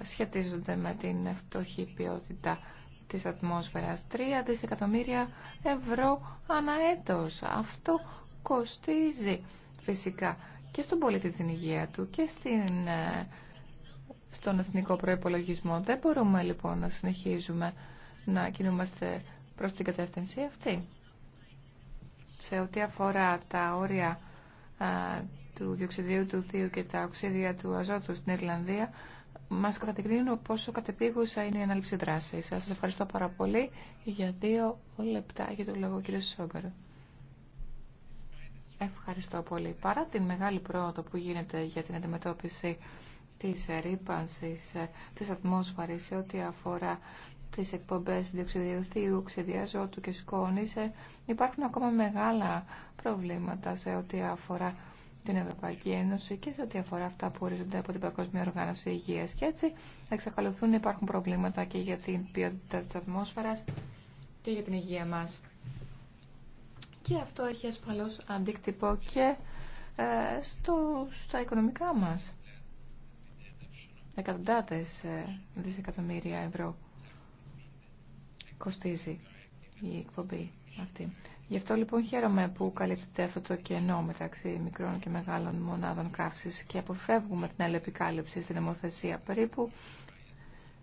ε, σχετίζονται με την φτωχή ποιότητα της ατμόσφαιρας. 3 δισεκατομμύρια ευρώ ανά έτος. Αυτό κοστίζει φυσικά και στον πολίτη την υγεία του και στην, ε, στον εθνικό προϋπολογισμό. Δεν μπορούμε λοιπόν να συνεχίζουμε να κινούμαστε προς την κατεύθυνση αυτή. Σε ό,τι αφορά τα όρια ε, του διοξιδίου του θείου και τα οξύδια του αζότου στην Ιρλανδία, μας καταδεικνύουν πόσο κατεπίγουσα είναι η ανάληψη δράση. Σας ευχαριστώ πάρα πολύ για δύο λεπτά για το λόγο κύριο Σόγκαρο. Ευχαριστώ πολύ. Παρά την μεγάλη πρόοδο που γίνεται για την αντιμετώπιση της ρήπανσης ε, της ατμόσφαιρης σε ό,τι αφορά τις εκπομπές διοξιδίου θείου, του και σκόνης, ε, υπάρχουν ακόμα μεγάλα προβλήματα σε ό,τι αφορά την Ευρωπαϊκή Ένωση και σε ό,τι αφορά αυτά που ορίζονται από την Παγκόσμια Οργάνωση Υγείας. Και έτσι εξακολουθούν να υπάρχουν προβλήματα και για την ποιότητα της ατμόσφαιρας και για την υγεία μας. Και αυτό έχει ασφαλώς αντίκτυπο και ε, στο, στα οικονομικά μας. Εκατοντάδες ε, δισεκατομμύρια ευρώ κοστίζει η εκπομπή αυτή. Γι' αυτό λοιπόν χαίρομαι που καλύπτεται αυτό το κενό μεταξύ μικρών και μεγάλων μονάδων καύση και αποφεύγουμε την αλληλεπικάλυψη στην νομοθεσία. Περίπου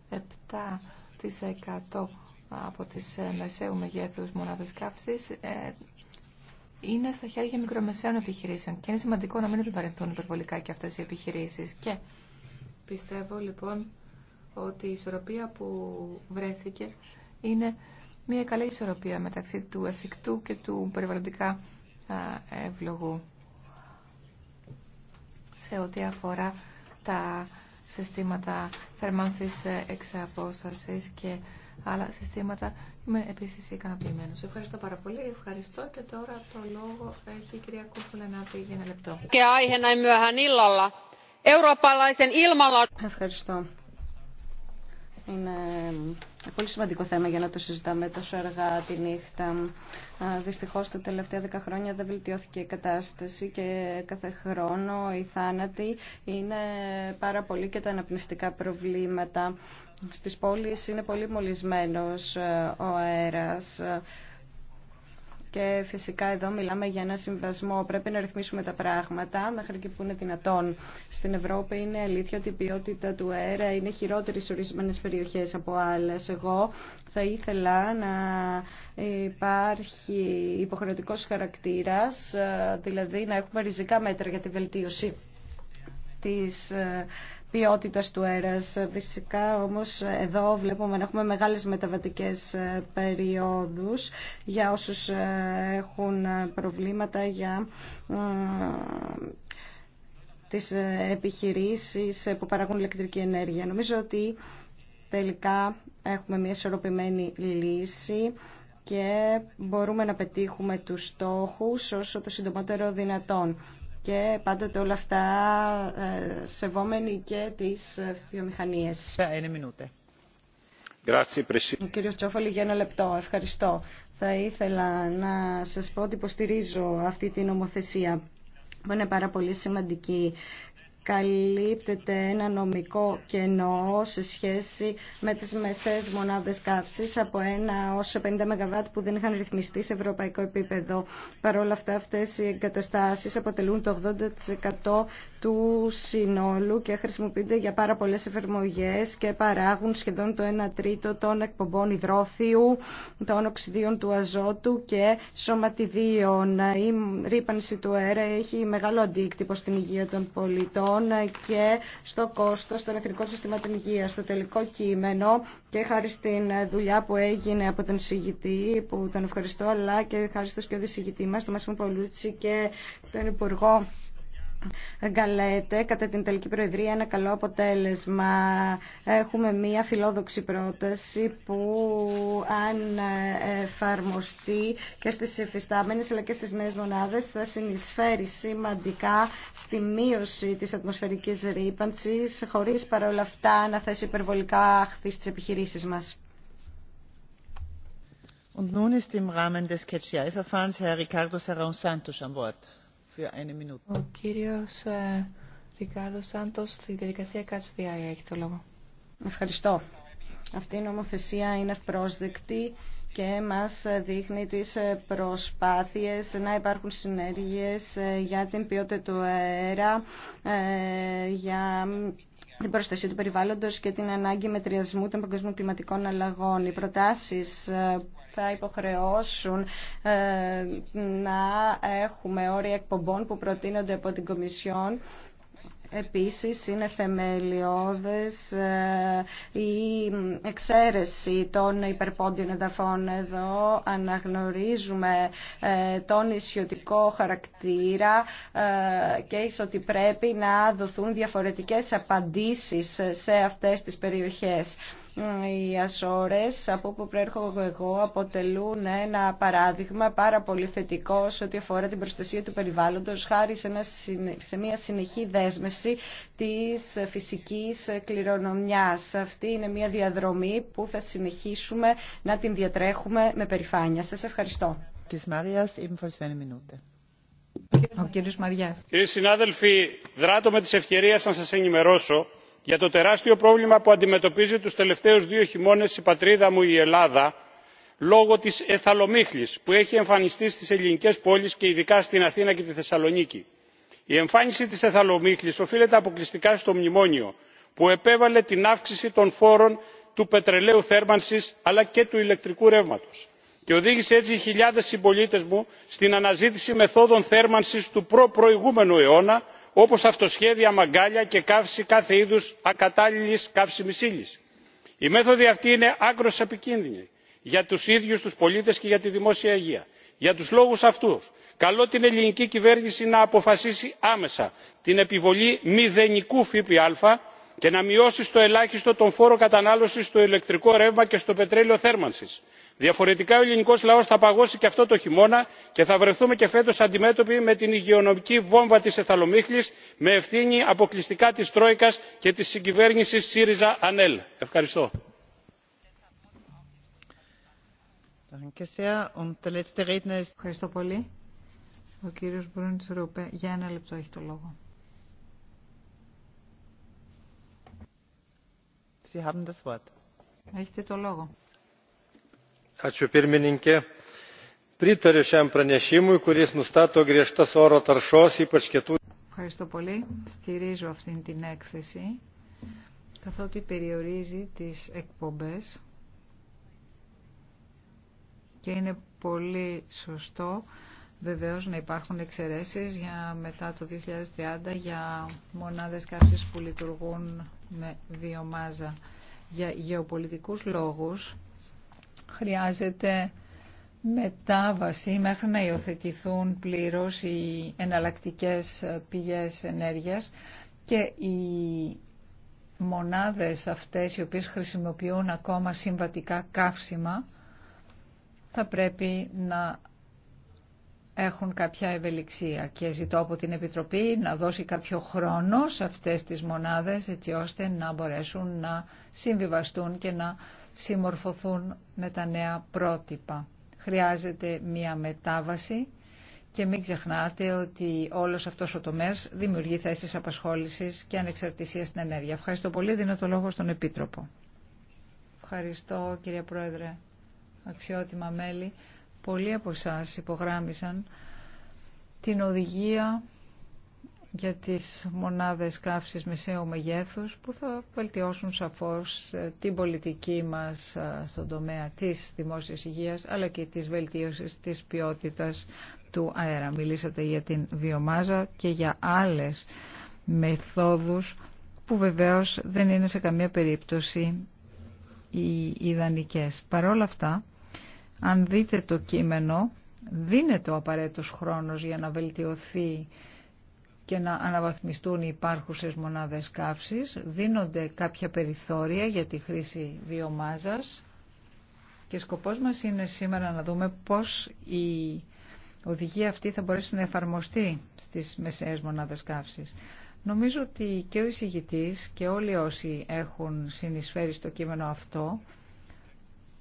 7% από τις ε, μεσαίου μεγέθους μονάδες καύσης είναι στα χέρια μικρομεσαίων επιχειρήσεων και είναι σημαντικό να μην επιβαρυνθούν υπερβολικά και αυτές οι επιχειρήσεις. Και πιστεύω λοιπόν ότι η ισορροπία που βρέθηκε είναι μια καλή ισορροπία μεταξύ του εφικτού και του περιβαλλοντικά ευλογού σε ό,τι αφορά τα συστήματα θερμάνσης ε, εξαπόστασης και άλλα συστήματα. Είμαι επίση ικανοποιημένο. Ευχαριστώ πάρα πολύ. Ευχαριστώ και τώρα το λόγο έχει η κυρία πει για ένα λεπτό. Ευχαριστώ. Είναι πολύ σημαντικό θέμα για να το συζητάμε τόσο αργά τη νύχτα. Δυστυχώ τα τελευταία δέκα χρόνια δεν βελτιώθηκε η κατάσταση και κάθε χρόνο οι θάνατοι είναι πάρα πολύ και τα αναπνευστικά προβλήματα στις πόλεις είναι πολύ μολυσμένος ε, ο αέρας και φυσικά εδώ μιλάμε για ένα συμβασμό. Πρέπει να ρυθμίσουμε τα πράγματα μέχρι και που είναι δυνατόν. Στην Ευρώπη είναι αλήθεια ότι η ποιότητα του αέρα είναι χειρότερη σε ορισμένε περιοχέ από άλλε. Εγώ θα ήθελα να υπάρχει υποχρεωτικό χαρακτήρα, ε, δηλαδή να έχουμε ριζικά μέτρα για τη βελτίωση της ε, ποιότητα του αέρα. Φυσικά όμως εδώ βλέπουμε να έχουμε μεγάλε μεταβατικέ ε, περιόδους για όσου ε, έχουν ε, προβλήματα για τι επιχειρήσει που παράγουν ηλεκτρική ενέργεια. Νομίζω ότι τελικά έχουμε μια ισορροπημένη λύση και μπορούμε να πετύχουμε τους στόχους όσο το συντομότερο δυνατόν και πάντοτε όλα αυτά ε, σεβόμενοι και τις ε, βιομηχανίες. Ε, Ο Κύριο για ένα λεπτό. Ευχαριστώ. Θα ήθελα να σας πω ότι υποστηρίζω αυτή την νομοθεσία που είναι πάρα πολύ σημαντική καλύπτεται ένα νομικό κενό σε σχέση με τις μεσές μονάδες καύσης από ένα ως 50 ΜΒ που δεν είχαν ρυθμιστεί σε ευρωπαϊκό επίπεδο. Παρ' όλα αυτά αυτές οι εγκαταστάσεις αποτελούν το 80% του συνόλου και χρησιμοποιούνται για πάρα πολλές εφαρμογές και παράγουν σχεδόν το 1 τρίτο των εκπομπών υδρόθιου, των οξυδίων του αζότου και σωματιδίων. Η ρήπανση του αέρα έχει μεγάλο αντίκτυπο στην υγεία των πολιτών και στο κόστος των εθνικών συστημάτων υγείας. Στο τελικό κείμενο και χάρη στην δουλειά που έγινε από τον συγητή, που τον ευχαριστώ, αλλά και χάρη στο σκιώδη συγητή μας, τον Μάσιμο Πολούτσι και τον Υπουργό εγκαλέται κατά την Τελική Προεδρία ένα καλό αποτέλεσμα. Έχουμε μία φιλόδοξη πρόταση που αν εφαρμοστεί και στις εφιστάμενες αλλά και στις νέες μονάδες θα συνεισφέρει σημαντικά στη μείωση της ατμοσφαιρικής ρήπανσης χωρίς παρόλα αυτά να θέσει υπερβολικά αχθή στις επιχειρήσεις μας. Und nun ist im Rahmen des ο κύριος ε, Ρικάρδο Σάντος στη διαδικασία Κατσβιά έχει το λόγο. Ευχαριστώ. Αυτή η νομοθεσία είναι ευπρόσδεκτη και μας δείχνει τις προσπάθειες να υπάρχουν συνέργειες ε, για την ποιότητα του αέρα, ε, για την προστασία του περιβάλλοντος και την ανάγκη μετριασμού των παγκοσμίων κλιματικών αλλαγών. Οι προτάσεις ε, θα υποχρεώσουν ε, να έχουμε όρια εκπομπών που προτείνονται από την Κομισιόν Επίσης είναι θεμελιώδες ε, η εξαίρεση των υπερπόντιων εδαφών εδώ. Αναγνωρίζουμε ε, τον ισιωτικό χαρακτήρα ε, και ίσως ότι πρέπει να δοθούν διαφορετικές απαντήσεις σε αυτές τις περιοχές. Οι Ασόρες, από όπου προέρχομαι εγώ, αποτελούν ένα παράδειγμα πάρα πολύ θετικό σε ό,τι αφορά την προστασία του περιβάλλοντος, χάρη σε, μια συνεχή δέσμευση της φυσικής κληρονομιάς. Αυτή είναι μια διαδρομή που θα συνεχίσουμε να την διατρέχουμε με περηφάνεια. Σας ευχαριστώ. Της Μάριας, Ο συνάδελφοι, δράτω με τις ευκαιρίες να σας ενημερώσω για το τεράστιο πρόβλημα που αντιμετωπίζει τους τελευταίους δύο χειμώνες η πατρίδα μου η ελλάδα λόγω της εθαλομύχλης που έχει εμφανιστεί στις ελληνικές πόλεις και ειδικά στην αθήνα και τη θεσσαλονίκη. η εμφάνιση της εθαλομύχλης οφείλεται αποκλειστικά στο μνημόνιο που επέβαλε την αύξηση των φόρων του πετρελαίου θέρμανσης αλλά και του ηλεκτρικού ρεύματος και οδήγησε έτσι χιλιάδες συμπολίτες μου στην αναζήτηση μεθόδων θέρμανσης του προπροηγούμενου αιώνα όπως αυτοσχέδια μαγκάλια και καύση κάθε είδους ακατάλληλης καύσιμης ύλης. η μέθοδοι αυτή είναι άκρως επικίνδυνη για τους ίδιους τους πολίτες και για τη δημόσια υγεία. για τους λόγους αυτούς καλώ την ελληνική κυβέρνηση να αποφασίσει άμεσα την επιβολή μηδενικού ΦΠΑ και να μειώσει στο ελάχιστο τον φόρο κατανάλωσης στο ηλεκτρικό ρεύμα και στο πετρέλαιο θέρμανσης διαφορετικά ο ελληνικό λαός θα παγώσει και αυτό το χειμώνα και θα βρεθούμε και φέτο αντιμέτωποι με την υγειονομική βόμβα της εθαλομύχλη με ευθύνη αποκλειστικά της τρόικα και της συγκυβέρνησης σύριζα ανέλ. ευχαριστώ. ευχαριστώ πολύ. για ένα λεπτό το λόγο. Ευχαριστώ πολύ. Στηρίζω αυτήν την έκθεση καθότι περιορίζει τις εκπομπές και είναι πολύ σωστό βεβαίως να υπάρχουν εξαιρέσεις για μετά το 2030 για μονάδες κάψεις που λειτουργούν με βιομάζα. Για γεωπολιτικούς λόγους χρειάζεται μετάβαση μέχρι να υιοθετηθούν πλήρως οι εναλλακτικές πηγές ενέργειας και οι μονάδες αυτές οι οποίες χρησιμοποιούν ακόμα συμβατικά καύσιμα θα πρέπει να έχουν κάποια ευελιξία και ζητώ από την Επιτροπή να δώσει κάποιο χρόνο σε αυτές τις μονάδες έτσι ώστε να μπορέσουν να συμβιβαστούν και να συμμορφωθούν με τα νέα πρότυπα. Χρειάζεται μία μετάβαση και μην ξεχνάτε ότι όλος αυτός ο τομέας δημιουργεί θέσεις απασχόλησης και ανεξαρτησία στην ενέργεια. Ευχαριστώ πολύ. Δίνω το λόγο στον Επίτροπο. Ευχαριστώ κύριε Πρόεδρε, αξιότιμα μέλη. Πολλοί από εσά υπογράμμισαν την οδηγία για τις μονάδες καύσης μεσαίου μεγέθους που θα βελτιώσουν σαφώς ε, την πολιτική μας ε, στον τομέα της δημόσιας υγείας αλλά και της βελτίωσης της ποιότητας του αέρα. Μιλήσατε για την βιομάζα και για άλλες μεθόδους που βεβαίως δεν είναι σε καμία περίπτωση οι ιδανικές. Παρ' όλα αυτά, αν δείτε το κείμενο, δίνεται ο απαραίτητος χρόνος για να βελτιωθεί και να αναβαθμιστούν οι υπάρχουσες μονάδες καύσης. Δίνονται κάποια περιθώρια για τη χρήση βιομάζας και σκοπός μας είναι σήμερα να δούμε πώς η οδηγία αυτή θα μπορέσει να εφαρμοστεί στις μεσαίες μονάδες καύσης. Νομίζω ότι και ο εισηγητής και όλοι όσοι έχουν συνεισφέρει στο κείμενο αυτό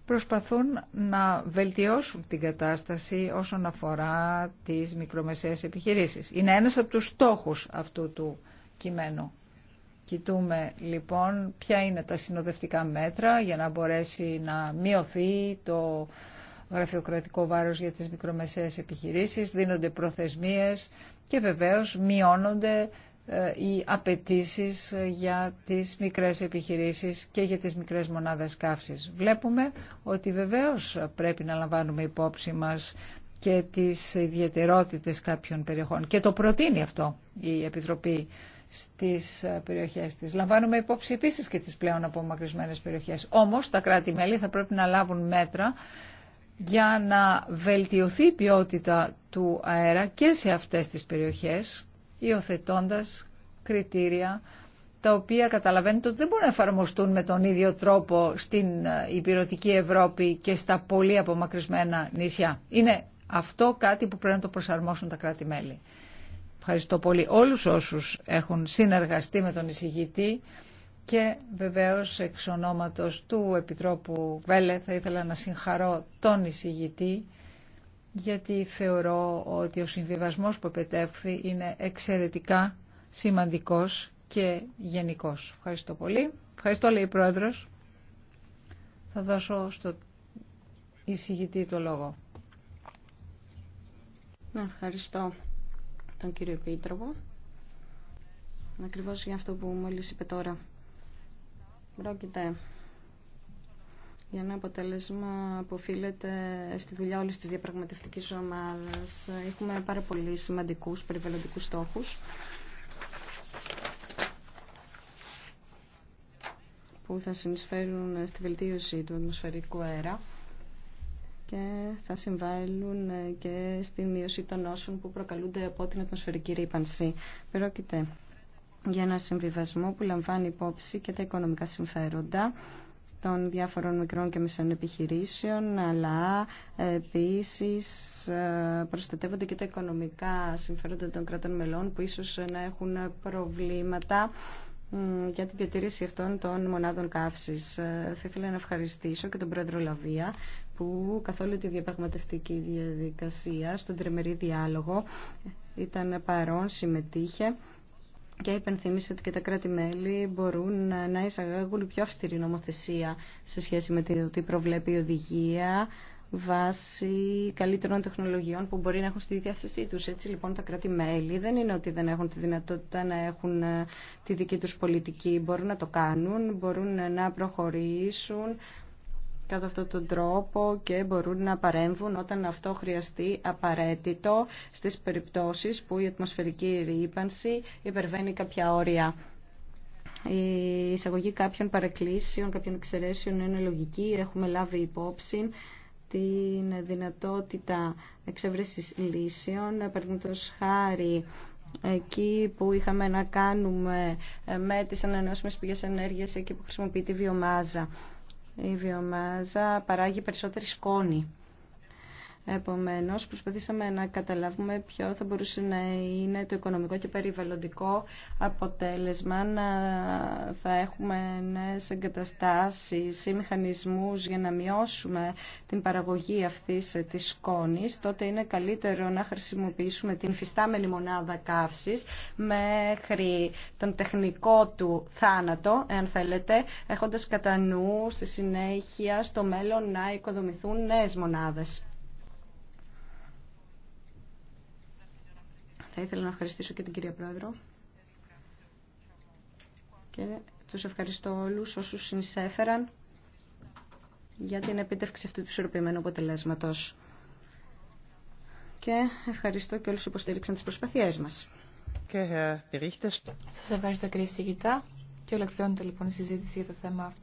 προσπαθούν να βελτιώσουν την κατάσταση όσον αφορά τις μικρομεσαίες επιχειρήσεις. Είναι ένας από τους στόχους αυτού του κειμένου. Κοιτούμε λοιπόν ποια είναι τα συνοδευτικά μέτρα για να μπορέσει να μειωθεί το γραφειοκρατικό βάρος για τις μικρομεσαίες επιχειρήσεις, δίνονται προθεσμίες και βεβαίως μειώνονται ε, οι απαιτήσει ε, για τις μικρές επιχειρήσεις και για τις μικρές μονάδες καύσης. Βλέπουμε ότι βεβαίως πρέπει να λαμβάνουμε υπόψη μας και τις ιδιαιτερότητες κάποιων περιοχών. Και το προτείνει αυτό η Επιτροπή στις ε, περιοχές της. Λαμβάνουμε υπόψη επίσης και τις πλέον απομακρυσμένες περιοχές. Όμως τα κράτη-μέλη θα πρέπει να λάβουν μέτρα για να βελτιωθεί η ποιότητα του αέρα και σε αυτές τις περιοχές υιοθετώντα κριτήρια τα οποία καταλαβαίνετε ότι δεν μπορούν να εφαρμοστούν με τον ίδιο τρόπο στην ε, υπηρετική Ευρώπη και στα πολύ απομακρυσμένα νησιά. Είναι αυτό κάτι που πρέπει να το προσαρμόσουν τα κράτη-μέλη. Ευχαριστώ πολύ όλους όσους έχουν συνεργαστεί με τον εισηγητή και βεβαίως εξ ονόματος του Επιτρόπου Βέλε θα ήθελα να συγχαρώ τον εισηγητή γιατί θεωρώ ότι ο συμβιβασμός που επετεύχθη είναι εξαιρετικά σημαντικός και γενικός. Ευχαριστώ πολύ. Ευχαριστώ, λέει η Πρόεδρος. Θα δώσω στο εισηγητή το λόγο. Ναι, ευχαριστώ τον κύριο Επίτροπο. Ακριβώς για αυτό που μόλις είπε τώρα. Πρόκειται για ένα αποτέλεσμα που οφείλεται στη δουλειά όλη τη διαπραγματευτική ομάδα. Έχουμε πάρα πολύ σημαντικού περιβαλλοντικούς στόχους που θα συνεισφέρουν στη βελτίωση του ατμοσφαιρικού αέρα και θα συμβάλλουν και στη μείωση των νόσων που προκαλούνται από την ατμοσφαιρική ρήπανση. Πρόκειται για ένα συμβιβασμό που λαμβάνει υπόψη και τα οικονομικά συμφέροντα των διάφορων μικρών και μεσαίων επιχειρήσεων, αλλά επίση ε, προστατεύονται και τα οικονομικά συμφέροντα των κρατών μελών που ίσως να έχουν προβλήματα για τη διατήρηση αυτών των μονάδων καύση. Ε, θα ήθελα να ευχαριστήσω και τον Πρόεδρο Λαβία που καθόλου τη διαπραγματευτική διαδικασία στον τριμερή διάλογο ήταν παρόν, συμμετείχε και υπενθύμησε ότι και τα κράτη-μέλη μπορούν να εισαγάγουν πιο αυστηρή νομοθεσία σε σχέση με το τι προβλέπει η οδηγία βάσει καλύτερων τεχνολογιών που μπορεί να έχουν στη διάθεσή του. Έτσι λοιπόν τα κράτη-μέλη δεν είναι ότι δεν έχουν τη δυνατότητα να έχουν ε, τη δική τους πολιτική. Μπορούν να το κάνουν, μπορούν να προχωρήσουν κατά αυτόν τον τρόπο και μπορούν να παρέμβουν όταν αυτό χρειαστεί απαραίτητο στις περιπτώσεις που η ατμοσφαιρική ρήπανση υπερβαίνει κάποια όρια. Η εισαγωγή κάποιων παρακλήσεων, κάποιων εξαιρέσεων είναι λογική. Έχουμε λάβει υπόψη την δυνατότητα εξεύρεσης λύσεων, παραδείγματος χάρη εκεί που είχαμε να κάνουμε με τις ανανεώσιμες πηγές ενέργειας, εκεί που χρησιμοποιεί τη βιομάζα. Η βιομάζα παράγει περισσότερη σκόνη. Επομένως, προσπαθήσαμε να καταλάβουμε ποιο θα μπορούσε να είναι το οικονομικό και περιβαλλοντικό αποτέλεσμα να θα έχουμε νέες εγκαταστάσεις ή μηχανισμούς για να μειώσουμε την παραγωγή αυτής της σκόνης. Τότε είναι καλύτερο να χρησιμοποιήσουμε την φυστάμενη μονάδα καύσης μέχρι τον τεχνικό του θάνατο, εάν θέλετε, έχοντας κατά νου στη συνέχεια στο μέλλον να οικοδομηθούν νέες μονάδες. Θα ήθελα να ευχαριστήσω και την κυρία Πρόεδρο και τους ευχαριστώ όλους όσους συνεισέφεραν για την επίτευξη αυτού του ισορροπημένου αποτελέσματος. Και ευχαριστώ και όλους που υποστήριξαν τις προσπαθίες μας. Ε, Σας ευχαριστώ κύριε Σιγητά και ολοκληρώνεται λοιπόν η συζήτηση για το θέμα αυτό.